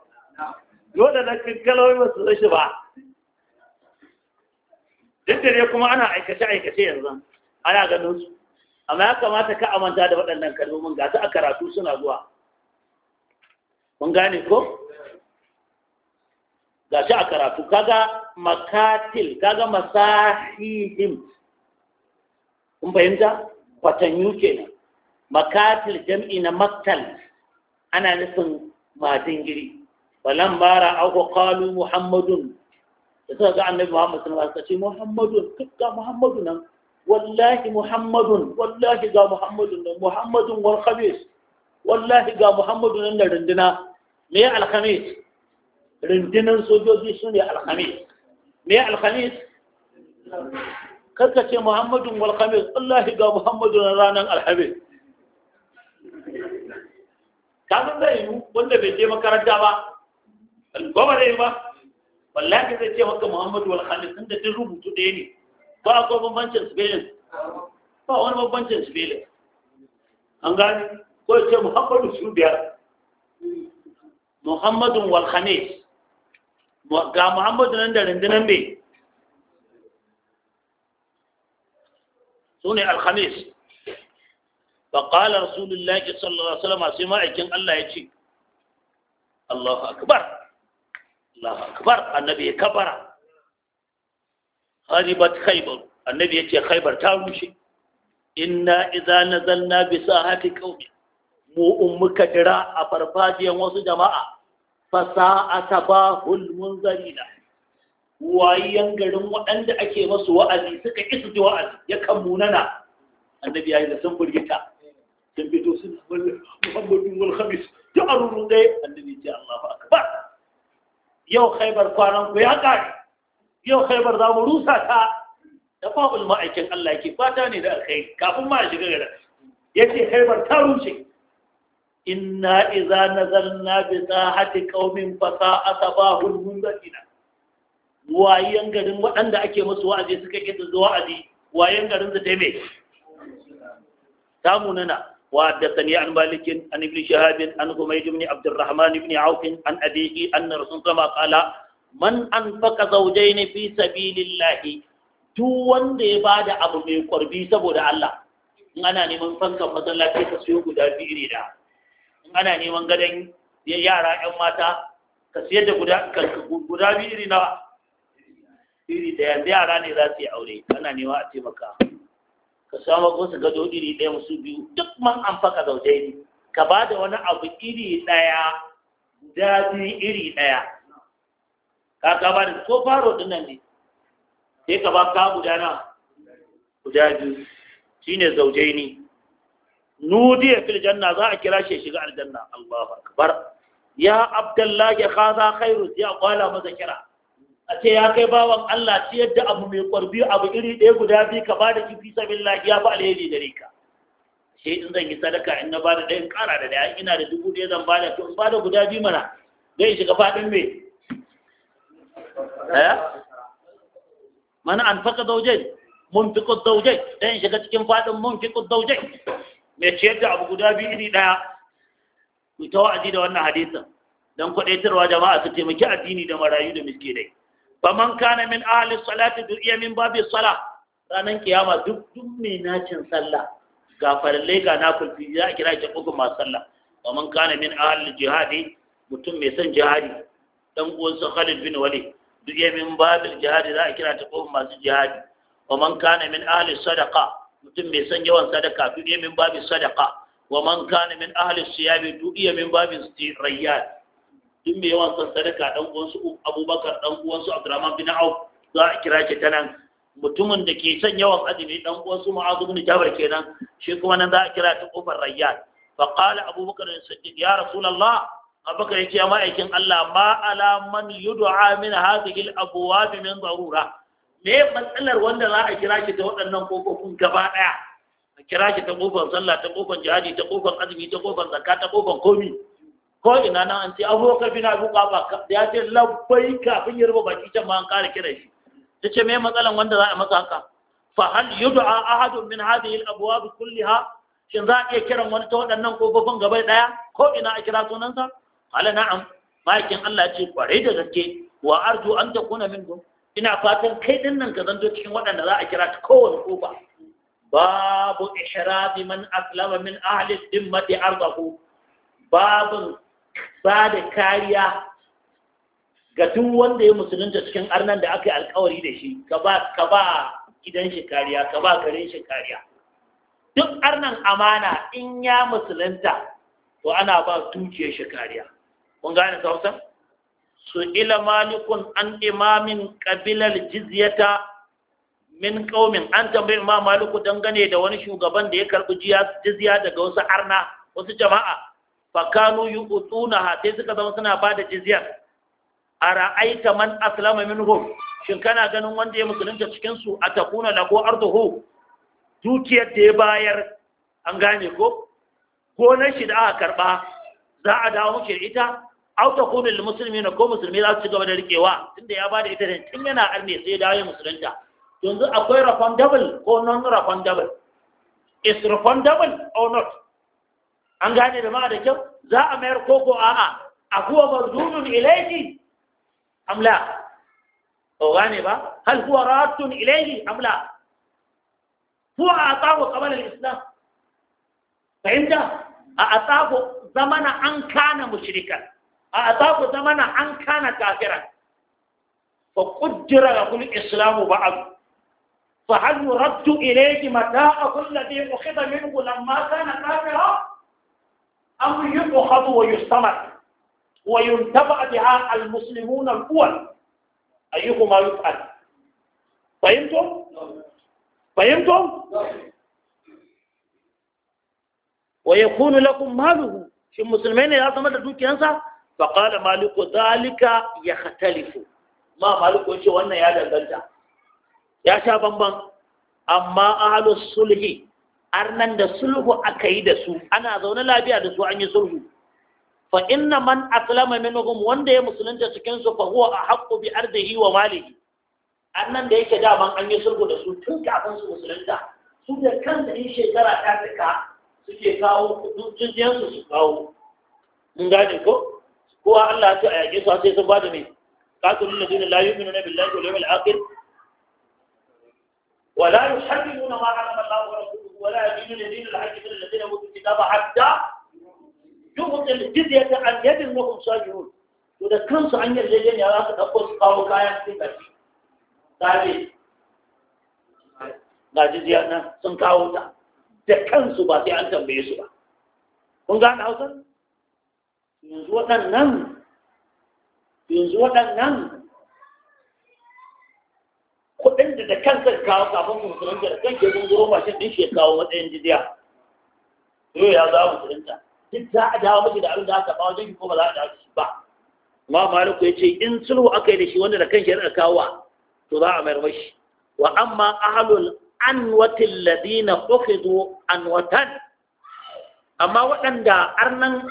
Speaker 1: yau da na kankalawai masu su rashi ba duk da ne kuma ana aikace-aikace yanzu ana ganin su amma ya kamata ka amanta da waɗannan kalmomin ga su a karatu suna zuwa Mun gane ko ga shi a karatu kaga makatil kaga masahihim kun fahimta kwatanyu kenan makatil jam'i na maktal ana nufin matin giri balan bara auku kalu muhammadun da suka ga annabi Muhammadu, sallallahu alaihi ce muhammadun kuka muhammadu nan wallahi muhammadun wallahi ga muhammadun nan muhammadun wal khamis wallahi ga muhammadun nan da me alkhamis rundunan sojoji su ne alkhamis me alkhamis muhammadun khamis wallahi ga muhammadun alhamis zai yi wanda bai je makaranta ba ba wallahi zai ce maka muhammadu wal khamis tun duk rubutu ɗaya ne ba ko bambancin spelling ba wani bambancin spelling an gani ko ce muhammadu su biyar muhammadun khamis ga muhammadu nan da rundunan bai su ne alhamis فقال رسول الله صلى الله عليه ma'aikin Allah ya ce. Allahu الله Allahu الله Annabi ya kabara. kharibat khaybar annabi yace khaybar ta rushe inna idza nazalna bi sahati qaumi mu ummuka dira a farfajiyan wasu jama'a fasa'ata bahul munzarina wayan garin waɗanda ake masu wa'azi suka isa ji wa'azi ya kan munana annabi yayi da sun burgita sun fito sun muhammadu wal khamis ta arurun dai annabi ya ce Allahu akbar yau khaybar kwanan ku ya kare yau khaibar za mu rusa ta da fa'ul ma'aikin Allah yake fata ne da alkhairi kafin ma shiga gada yace khaibar ta rushe inna idza nazalna bi sahati qaumin fa sa'ata bahul munzina wayan garin waɗanda ake musu wa'azi suka ki da wa'azi wayan garin da taime tamu nana وحدثني عن مالك عن ابن شهاب عن حميد بن عبد الرحمن بن عوف عن أبيه أن رسول الله قال man an faka zaujai ne fi sabilillahi duk wanda ya bada abu mai kwarbi saboda Allah in ana neman fankan masallaci ka siyo guda biri da in ana neman gadon yara yan mata ka siyar da guda guda na iri da yanzu yara ne za su yi aure ana nema a taimaka ka samu wasu gado iri ɗaya musu biyu duk man an faka zaujai ka ba da wani abu iri ɗaya guda biyu iri ɗaya ka ka ba da ko faro din nan ne sai ka ba ka guda guda biyu shine zaujaini nudiya fil janna za a kira shi shiga aljanna Allahu akbar ya abdullahi khaza khairu ya qala maza kira a ce ya kai bawan Allah ci yadda abu mai kwarbi abu iri ɗaya guda biyu ka ba da kifi sabillahi ya fi alheri gare ka sai in zan yi sadaka in na ba da ɗayan ƙara da ɗaya ina da dubu ɗaya zan ba da to in ba da guda biyu mana zai shiga faɗin mai Mana an faka man mun zawjayn munfiqu zawjayn in shiga cikin fadin munfiqu zawjayn mai ciyar da abu guda biyu iri daya ku ta wa'azi da wannan hadisin dan kwadaitarwa jama'a su taimaki addini da marayu da dai. ba man kana min ahli salati du'iya min babi salah ranan kiyama duk duk mai nacin sallah ga farallai ga na kulfi za a kira shi uku masu sallah Ba man kana min ahli jihadi mutum mai son jihadi dan uwansa Khalid bin Walid duk min babil jihadi za a kira ta kofin masu jihadi wa man kana min ahli sadaqa mutum mai son yawan sadaka duk min babin sadaqa wa man kana min ahli siyabi duk min babin rayyan duk mai yawan son sadaka dan uwan su Abubakar dan uwan su Abdurrahman bin Auf za a kira shi ta nan mutumin da ke son yawan azumi dan uwan su Mu'adh bin Jabal kenan shi kuma nan za a kira ta kofar rayyan fa qala Abubakar as ya Rasulullah abubakar ya ce ya ma'aikin Allah ma ala man yud'a min hadhihi al-abwab min darura me matsalar wanda za a kira ki ta waɗannan kofofin gaba ɗaya a kira ki ta kofar sallah ta kofar jihadi ta kofar azumi ta kofar zakka ta kofar komi ko ina nan an ce abubakar bin abu qaba ya ce labbai kafin yarba baki can ma an ƙara kira shi ta ce me matsalar wanda za a masa haka fa hal yud'a ahadun min hadhihi al-abwab kulliha shin za a iya kiran wani ta waɗannan kofofin gaba ɗaya ko ina a kira sunansa ala na'am ma'aikin Allah ce kwarai da gaske wa arju an takuna minkum ina fatan kai din nan ka zanto cikin waɗanda za a kira ta kowane kofa babu ihrabi man aslama min ahli dimmati ardahu babu ba da kariya ga duk wanda ya musulunta cikin arnan da aka yi alkawari da shi ka ba ka ba gidan shi kariya ka ba garin shi kariya duk arnan amana in ya musulunta to ana ba dukiyar shi kariya kun gane sautan su ila malikun an imamin kabilar jizyata min kaumin an tambayi ma maliku dangane da wani shugaban da ya karbi jizya daga wasu arna wasu jama'a fakanu yu'tunaha sai suka zama suna bada jizyar ara'aita man aslama minhum shin kana ganin wanda ya musulunta cikin su a takuna ko arduhu dukiyar da ya bayar an gane ko ko na shi da aka karba za a dawo mushi ita aw takunu musulmi ne ko musulmi za su ci gaba da rikewa tunda ya bada ita ne tun yana arne sai dawo ya musulunta yanzu akwai refundable ko non refundable is refundable or not an gane da ma da kyau za a mayar koko a'a huwa marzunun ilaihi amla o gane ba hal huwa ratun ilaihi amla huwa atahu qabala al-islam fahimta a atahu zamana an kana mushrikan أعطاك زمانا أن كان كافرا فقدر لَهُ الإسلام بعض فهل يرد إِلَيْهِ متاع كل الذي أخذ منه لما كان كافرا أم يؤخذ ويستمر وينتفع بها المسلمون الأول أيهما يفعل فهمتم؟ فهمتم؟ ويكون لكم ماله في المسلمين يا سمعت دوك ينسى faƙala maliku zalika ya hatalifu ma maliku ce wannan ya danganta ya sha bamban amma ahalus sulhi arnan da sulhu aka yi da su ana zaune lafiya da su an yi sulhu fa inna man aslama minhum wanda ya musulunta cikin su fa huwa ahqqu bi ardihi wa malihi annan da yake daman an yi sulhu da su tun kafin su musulunta su da kansa in shekara ta tsaka suke kawo dukkan su su kawo mun gane ko هو الله جيسا سيسا بادمي قاتل الذين لا يؤمنون بالله واليوم العاقل ولا يحرمون ما علم الله ورسوله ولا يدينون دين الحج من الذين اوتوا الكتاب حتى يؤمن الجزية عن يد وهم صاجرون وإذا كان عن يد الجزية يا أخي تقول قالوا لا يحسن بك قال لا جزية سنكاوتا ده كان سبا سيأنتم بيسوا كن قاعد yanzu waɗannan yanzu waɗannan kuɗin da da kansa kawo kafin musulunta da kan ke zunguro mashin ɗin shi ya kawo matsayin jidiya yau ya za musulunta duk za a dawo mashi da abin da aka bawa don ko ba za a dawo shi ba ma maluku ya ce in sulhu aka yi da shi wanda da kan shi ya kawo to za a mayar mashi wa amma ahlul anwatil ladina ukhidu anwatan amma waɗanda arnan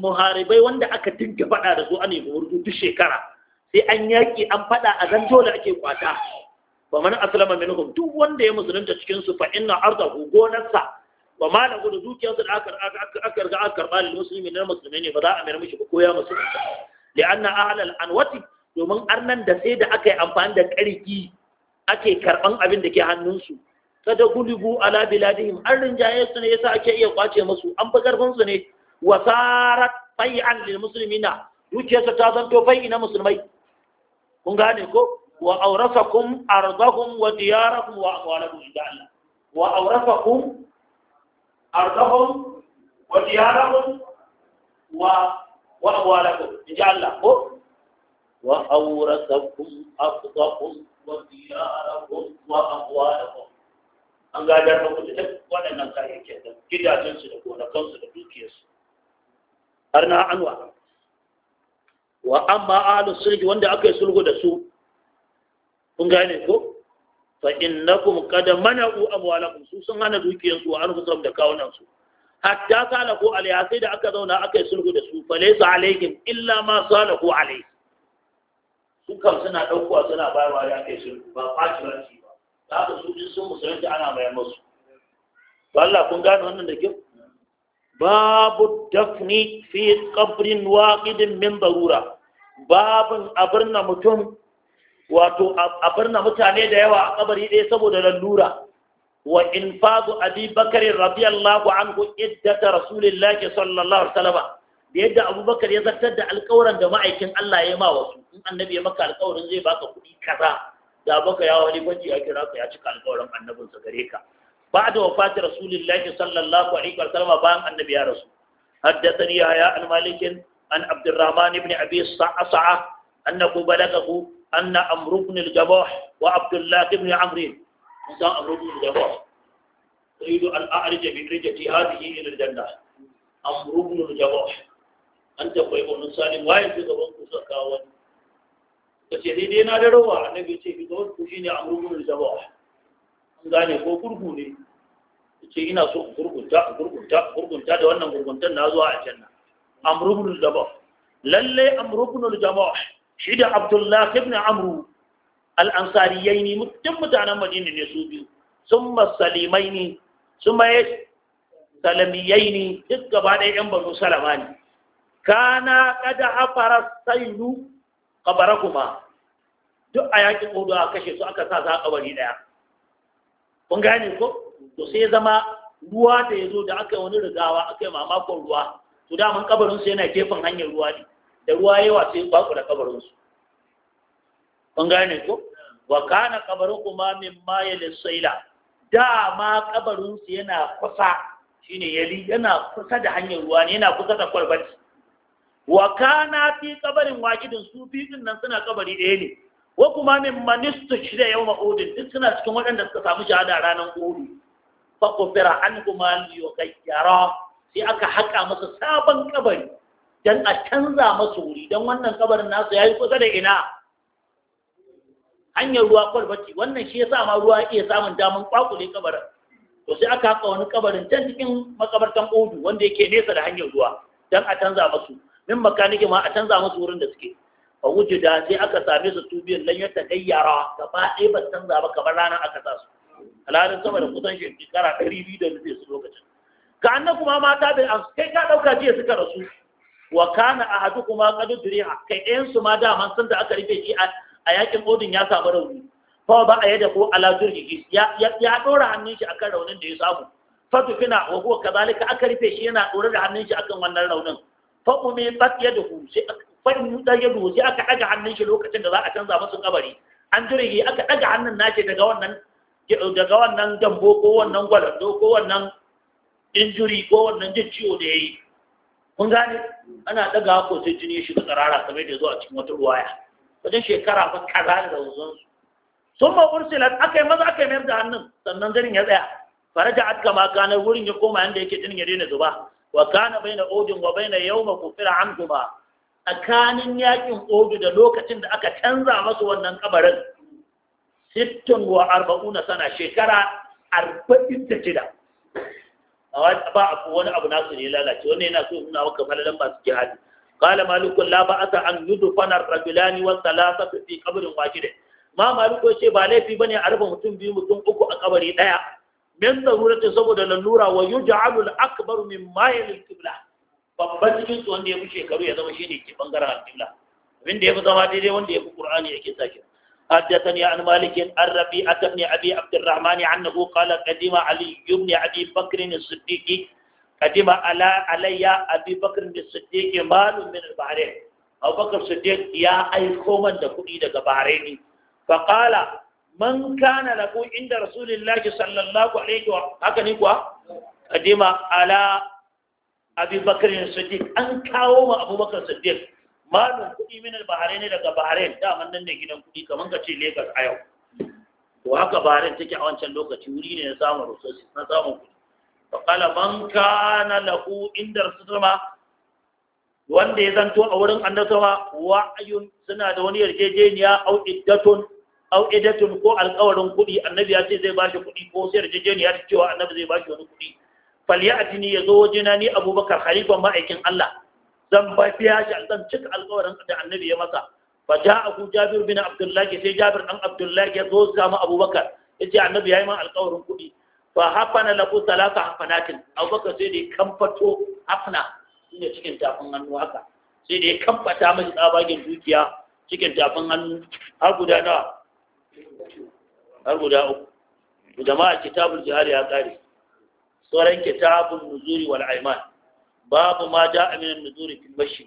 Speaker 1: muharibai wanda aka tinka faɗa da su a yi urdu duk shekara sai an yaƙi an faɗa a zan da ake kwata wa man aslama minhum duk wanda ya musulunta cikin su fa inna ardahu gonarsa Ba ma lahu da da aka aka riga aka karba lil muslimin na musulmai ne ba za a mayar mishi ba ko ya musulunta li'anna ahlal anwati domin arnan da sai da aka yi amfani da ƙarfi ake karɓan abin da ke hannunsu kada gulibu ala biladihim an rinjaye su ne yasa ake iya kwace musu an fi karfin su ne wa sarat bai'an lil muslimina dukiyarsa ta zanto bai'i na musulmai kun gane ko wa aurasakum ardahum wa diyarakum wa amwalakum inda Allah wa aurasakum ardahum wa diyarakum wa wa amwalakum inda Allah ko wa aurasakum ardahum wa diyarakum wa amwalakum an gadar da kudu duk waɗannan kayayyakin gidajensu da gonakansu da dukiyarsu arna anwa wa amma ahlus sulh wanda aka yi sulhu da su kun gane ko fa innakum qad mana'u amwalakum su sun hana dukiyar su wa anfusahum da kawunan su hatta ko alayha sai da aka zauna aka yi sulhu da su fa laysa alayhim illa ma salahu alayhi su kan suna daukuwa suna bayarwa ya kai sulhu ba faci ba ba za su sun musulunci ana mayar musu to Allah kun gane wannan da kyau babu dafni fi qabrin waqidin min darura babun abarna mutum wato abarna mutane da yawa a kabari ɗaya saboda lalura wa infadu abi bakarin radiyallahu anhu ta rasulillahi sallallahu alaihi wasallam da yadda abubakar ya zartar da alkawaran da ma'aikin Allah ya ma wasu in annabi ya maka alkawarin zai baka kuɗi kaza da baka yawo wani gwaji ya kira ka ya cika alkawarin annabinsa gare ka بعد وفاة رسول الله صلى الله عليه وسلم بان النبي يا رسول حدثني يحيى عن مالك عن عبد الرحمن بن أبي الصعصعة أنه بلغه أن عمرو بن الجباح وعبد الله بن عمرو إنسان عمرو بن الجباح يريد أن أعرج برجتي هذه إلى الجنة عمرو بن الجباح أنت قيم الإنسان وايد في ذوق كسكاون كثيرين على روا النبي يقول كشيني عمرو بن الجباح gane ko gurgu ne ce ina so gurgunta gurgunta gurgunta da wannan gurguntan na zuwa a janna amrubnul jabah lalle amrubnul jabah shi da abdullah ibn amru al-ansariyai ne mutum mutanen madina ne su biyu sun masalimai ne sun maye salamiyai duk gaba ɗaya yan banu salama ne kana kada afara sainu kabara kuma duk a yakin hudu a kashe su aka sa su a kabari ɗaya kun gane ko to sai ya zama ruwa da ya zo da aka yi wani rigawa aka yi mamakon ruwa to daman kabarinsu yana gefen hanyar ruwa ne da ruwa yawa sai ba ku da kabarinsu kun gane ko wa kana kabarin kuma min maye da dama kabarinsu yana kusa shine yali yana kusa da hanyar ruwa ne yana kusa da kwalbati wa kana fi kabarin wakidin su fi nan suna kabari ɗaya ne wa kuma min manistu da yau ma'udin duk suna cikin waɗanda suka samu shahada ranar ƙuri fa kufira an kuma yuqayyara sai aka haƙa masa sabon kabari dan a canza masa wuri dan wannan kabarin nasu yayi kusa da ina hanyar ruwa kwalbati wannan shi yasa ma ruwa iya samun daman kwakule kabarin to sai aka haƙa wani kabarin can cikin makabartan Odu wanda yake nesa da hanyar ruwa dan a canza masu min makaniki ma a canza masu wurin da suke fa da sai aka same su tubiyar lan ya tagayyara gaba ɗaya ba canza ba kamar ranar aka sa su alhalin sama da kusan shekara ɗari biyu da nufe su lokacin ka annan kuma mata bai an kai ka ɗauka jiya suka rasu wa kana hadu kuma kadu duriha kai ɗayan su ma daman sun da aka rufe shi a yakin odin ya samu rauni fa ba a yadda ko ala durhi ya ya ɗora hannun shi akan raunin da ya samu fatu fina wa huwa ka aka rufe shi yana ɗora da hannun shi akan wannan raunin fa umi bat yadahu shi fadin musa ya sai aka daga hannun shi lokacin da za a canza masu kabari an jirage aka daga hannun nace, daga wannan daga wannan gambo ko wannan gwalando ko wannan injuri ko wannan jin ciwo da ya yi kun gane ana daga ko sai jini ya shiga tsarara kamar da zuwa cikin wata ruwaya wajen shekara fa kaza da wuzon sun ma ursilat aka yi maza aka yi mayar da hannun sannan zanin ya tsaya faraja atka ma kanar wurin ya koma yadda yake jinin ya daina zuba wa kana na odin wa baina yawma kufira an kuma tsakanin yakin ogu da lokacin da aka canza masu wannan kabarin sittin wa arba'una sana shekara arba'in da jida ba a wani abu nasu ne lalace wani yana so nuna maka falalan masu jihadi kala malikun la ba'ata an yudu fanar rajulani wa salasa fi fi kabarin wajide ma maliko ce ba laifi bane a rufe mutum biyu mutum uku a kabari ɗaya. min zaruratin saboda lalura wa yuj'alul akbaru min mayalil qibla babban cikin su wanda ya fi shekaru ya zama shine ke bangaren alƙibla abin da ya fi zama daidai wanda ya fi qur'ani yake sa shi حدثني عن مالك عن ربيعة بن أبي عبد الرحمن عنه قال قدم علي بن أبي بكر الصديق قدم على علي أبي بكر الصديق مال من البحرين أبو بكر الصديق يا أيكم من دكوني دك بحريني فقال من كان له عند رسول الله صلى الله عليه وسلم هكذا قدم على abubakar Sadiq an kawo ma abubakar sadiq malin kudi minar bahare ne daga da daman nan ne gidan kudi kamar ka ce lagos a yau to haka bahare take a wancan lokaci wuri ne na samun rusosi na samun kudi. fa qala man kana lahu inda rasulullah wanda ya zanto a wurin annabi wa'ayun suna da wani yarjejeniya au iddatun au iddatun ko alƙawarin kudi annabi ya ce zai bashi kudi, ko sai yarjejeniya ta cewa annabi zai bashi wani kudi. ni yazo wajina ni abubakar khalifan ma'aikin Allah zan ba fiya shi zan cika alƙawarin da annabi ya masa fa ja'ahu jabir bin abdullah sai jabir dan abdullah ya zo zama abubakar yace annabi yayi ma alƙawarin kuɗi fa hafana lahu salata hafanatin abubakar sai da kamfato hafna ne cikin tafin hannu haka sai da kamfata mai tsabagen dukiya cikin tafin hannu har guda nawa har guda uku jama'a kitabul jihar ya kare sauran kitabun nuzuri wal aiman babu ma ja aminin nuzuri fil mashi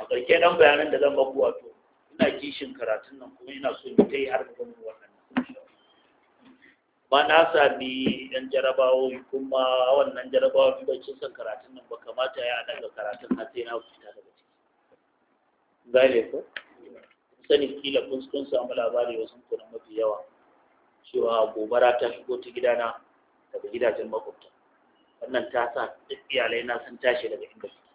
Speaker 1: a ƙarƙe ɗan bayanan da zan maku wato ina kishin karatun nan kuma ina so ta yi har da gama wannan ba na sami yan jarabawoyi kuma wannan jarabawoyi ba cin san karatun nan ba kamata ya daga karatun har sai na fita daga ciki gane ko sani kila kun samu labari wasu kuma mafi yawa cewa gobara ta shigo ta gidana daga gidajen makwabta wannan ta sa duk iyalai na sun tashi daga inda suke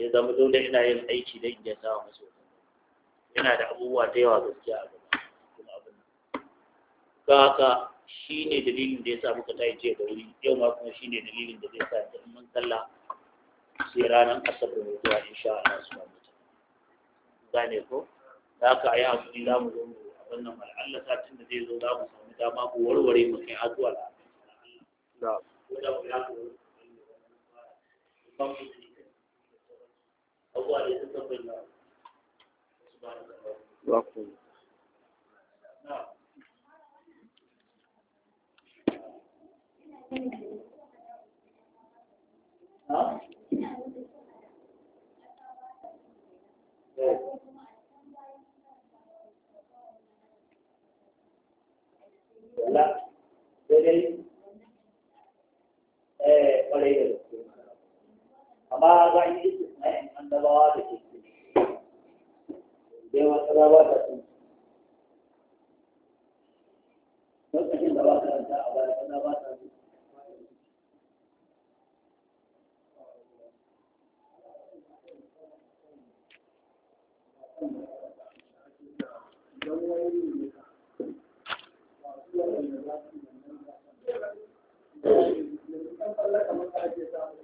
Speaker 1: ya zama dole ina yin aiki don in gyara musu yana da abubuwa da yawa gaskiya a gaba kuma abin ka ka shi ne dalilin da ya sa muka tayi jiya da wuri yau ma kuma shi ne dalilin da zai sa ta mun kalla sai ranar asabar mai zuwa insha Allah su ba mutum gane ko da ka ayi hakuri za mu zo mu wannan mal'alla satin da zai zo za mu samu dama ku warware mu kai azuwa da Allah ko da ku Huh? kula sai dai eh, da gaske amma ga Thank
Speaker 2: you.